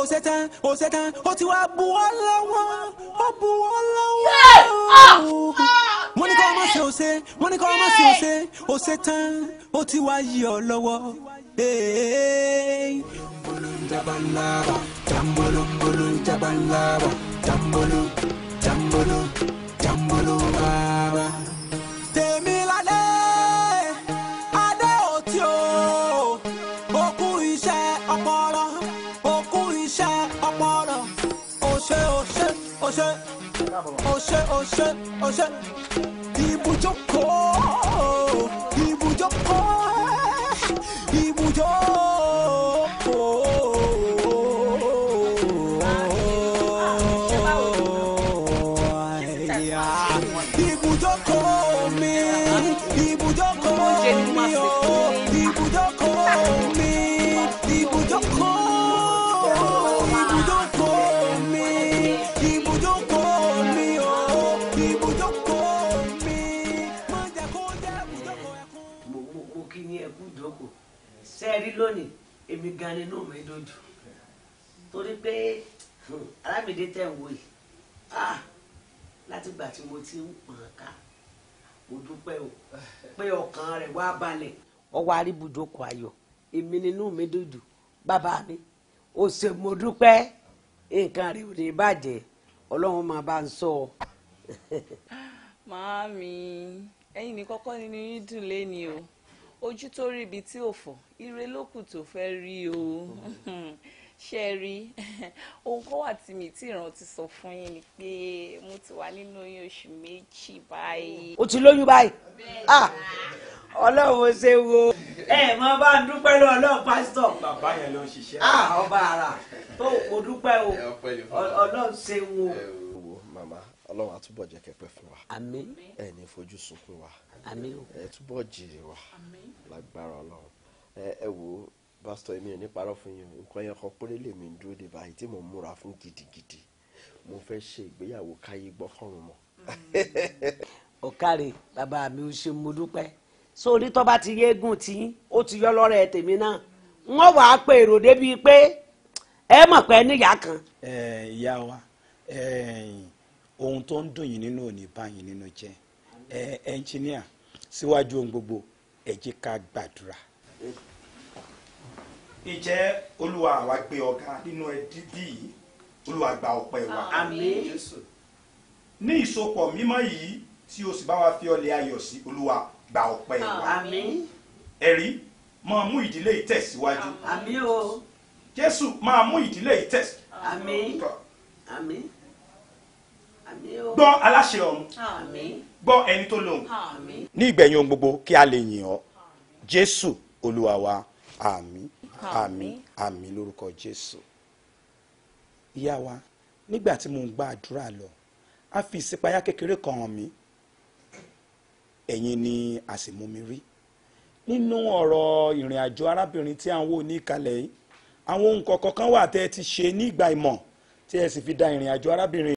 [SPEAKER 1] òṣè tán òṣè tán ó ti wá buwọ́ lọ́wọ́ ó buwọ́ lọ́wọ́ wọ́n ní kọ́ ọmọ ṣe òṣè wọ́n ní kọ́ ọmọ ṣe òṣè òṣè tán ó ti wá yí ọ lọ́wọ́. Tambolu jabalaba, tambolu, tambolu jabalaba, tambolu, tambolu. 哦，雪，哦雪。
[SPEAKER 2] tẹ̀ ń wò yìí ah látìgbà tí mo ti ń pọ̀n ká mo dúpẹ́ o pé ọkàn rẹ̀ wá balẹ̀ ọwọ́ aríbùdókọ̀ ayọ̀ èmi nínú mi dùdù bàbá mi ó ṣe mo dúpẹ́ nǹkan rẹ̀ ò ní bàjẹ́ ọlọ́run máa bá ń sọ ọ. màámi ẹ̀yin ní kọ́kọ́ nínú yín dùn léni o ojú tó rí ibi tí ò fọ́ ire ló kù tó fẹ́ rí o. Mm. <laughs> ṣe rí <laughs> ohun kan wà tí mi tí ìrántí sọ fún yín ni pé mo ti wà nínú oyún oṣù méjì báyìí. o ti
[SPEAKER 1] lóyún báyìí ah! ọlọ́run ó ṣe wo ẹ mọ bá ń dúpẹ́ lọ ọlọ́run pásítọ̀. bàbá yẹn ló ń ṣiṣẹ́. Ah, ọba ara tó o dúpẹ́ o ọlọ́run ṣe wo. ọlọ́run àtúbọ̀
[SPEAKER 2] jẹ́ kẹ́pẹ́ fún wa. àmín. ẹ ní fojú sunkún wa. àmín. ẹ túbọ̀ jèrè wa. àmín. lágbára ọlọ́run ẹ wo pásítọ̀ èmi ò ní parọ́ fún yín nǹkan yẹn kan péré lèmi ń dúró de báyìí tí mò ń múra fún gidigidi mo fẹ́ ṣe ìgbéyàwó káyé gbọ́kànrún mọ́. <laughs> ọ̀kàrè bàbá mi ò ṣe mo dúpẹ́ sórí tó bá ti yéégún tí ó ti yọ lọ́rẹ̀ tèmi náà wọ́n wàá pè èrò débi pé ẹ mọ̀ pé níyà kan. ìyá wa ohun tó ń dùn yín nínú ò ní bá yín nínú jẹ́ ẹnjìníà síwájú ohun gbogbo ẹ jẹ́ ká gbàdúrà ìjẹ́ olúwa àwa gbé ọ̀gá nínú ẹbí yìí olúwa gba ọpẹ́ wa. àmín ní ìsopọ̀ mímọ́ yìí tí o sì bá wa fi ọlẹ̀ ayọ̀ sí olúwa gba ọpẹ́ wa. àmín ẹ̀rí máa mú ìdílé yìí tẹ̀síwájú. àmín o. jésù máa mú ìdílé yìí tẹ̀síwájú. àmín àmín àmín o. gbọ́ aláṣẹ ọ̀run. àmín gbọ́ ẹni tó lóhùn. ní ìgbẹ̀yìn ohun gbogbo kí a lè yìn ọ́ jésù olúwa wa àmín àmín àmín lórúkọ jésù ìyá wa nígbà tí mo ń gba àdúrà lọ a fi ìṣípayá kékeré kan hàn mí ẹ̀yin ni a sì mú mi rí nínú ọ̀rọ̀ ìrìn àjò arábìnrin tí à ń wò ní ìkàlẹ̀ yìí àwọn ohun kọ̀ọ̀kan kan wà tẹ́ ẹ
[SPEAKER 4] ti ṣe ní ìgbà ìmọ̀ tí ẹ sì fi da ìrìn àjò arábìnrin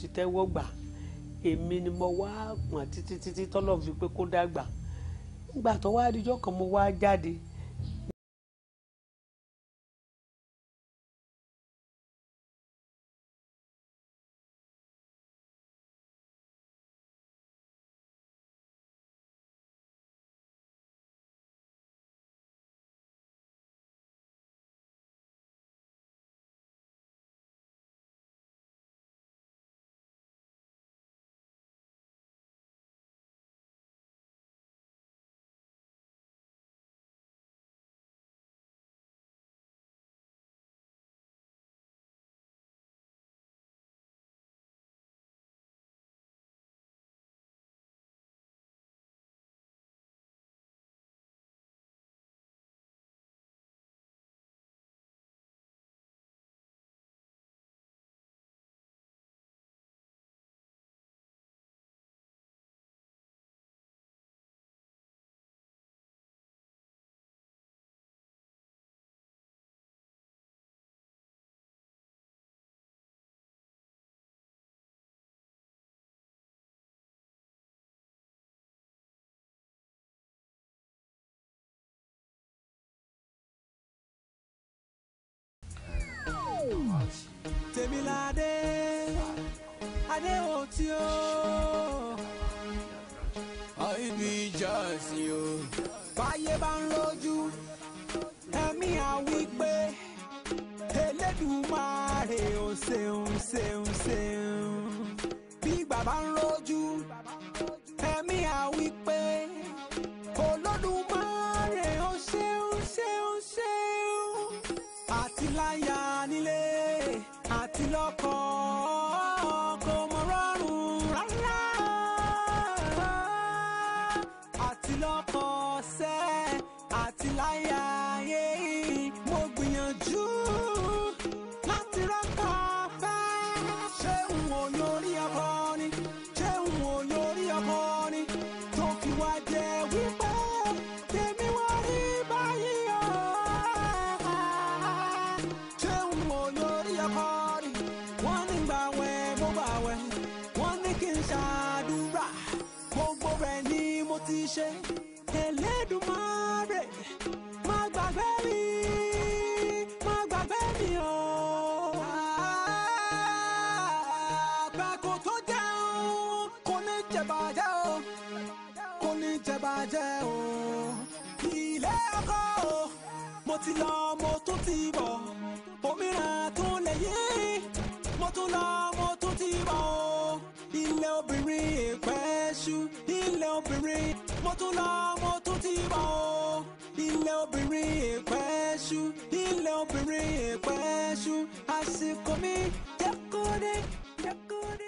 [SPEAKER 4] ti tẹ́wọ́ gbà èmi ni mo wá pọ̀n títí títí tọ́lọ́ fi pé kó dàgbà nígbà tó wá adijọ́ kan mo wá jáde tèmi ládé adé ò tí
[SPEAKER 1] ó ibi ìjọsìn o. báyé bá ń rojú ẹ̀mí àwí pé Elédùmarè ò ṣeun ṣeun ṣeun bí bàbá ń rojú. ti lọ mo tún ti bọ̀ òmíràn tún lè yí mo tún lọ mo tún ti bọ̀ o ilé obìnrin èpẹ́ ṣú ilé obìnrin mo tún lọ mo tún ti bọ̀ o ilé obìnrin èpẹ́ ṣú ilé obìnrin èpẹ́
[SPEAKER 4] ṣú àsìkò mi jẹ́ kó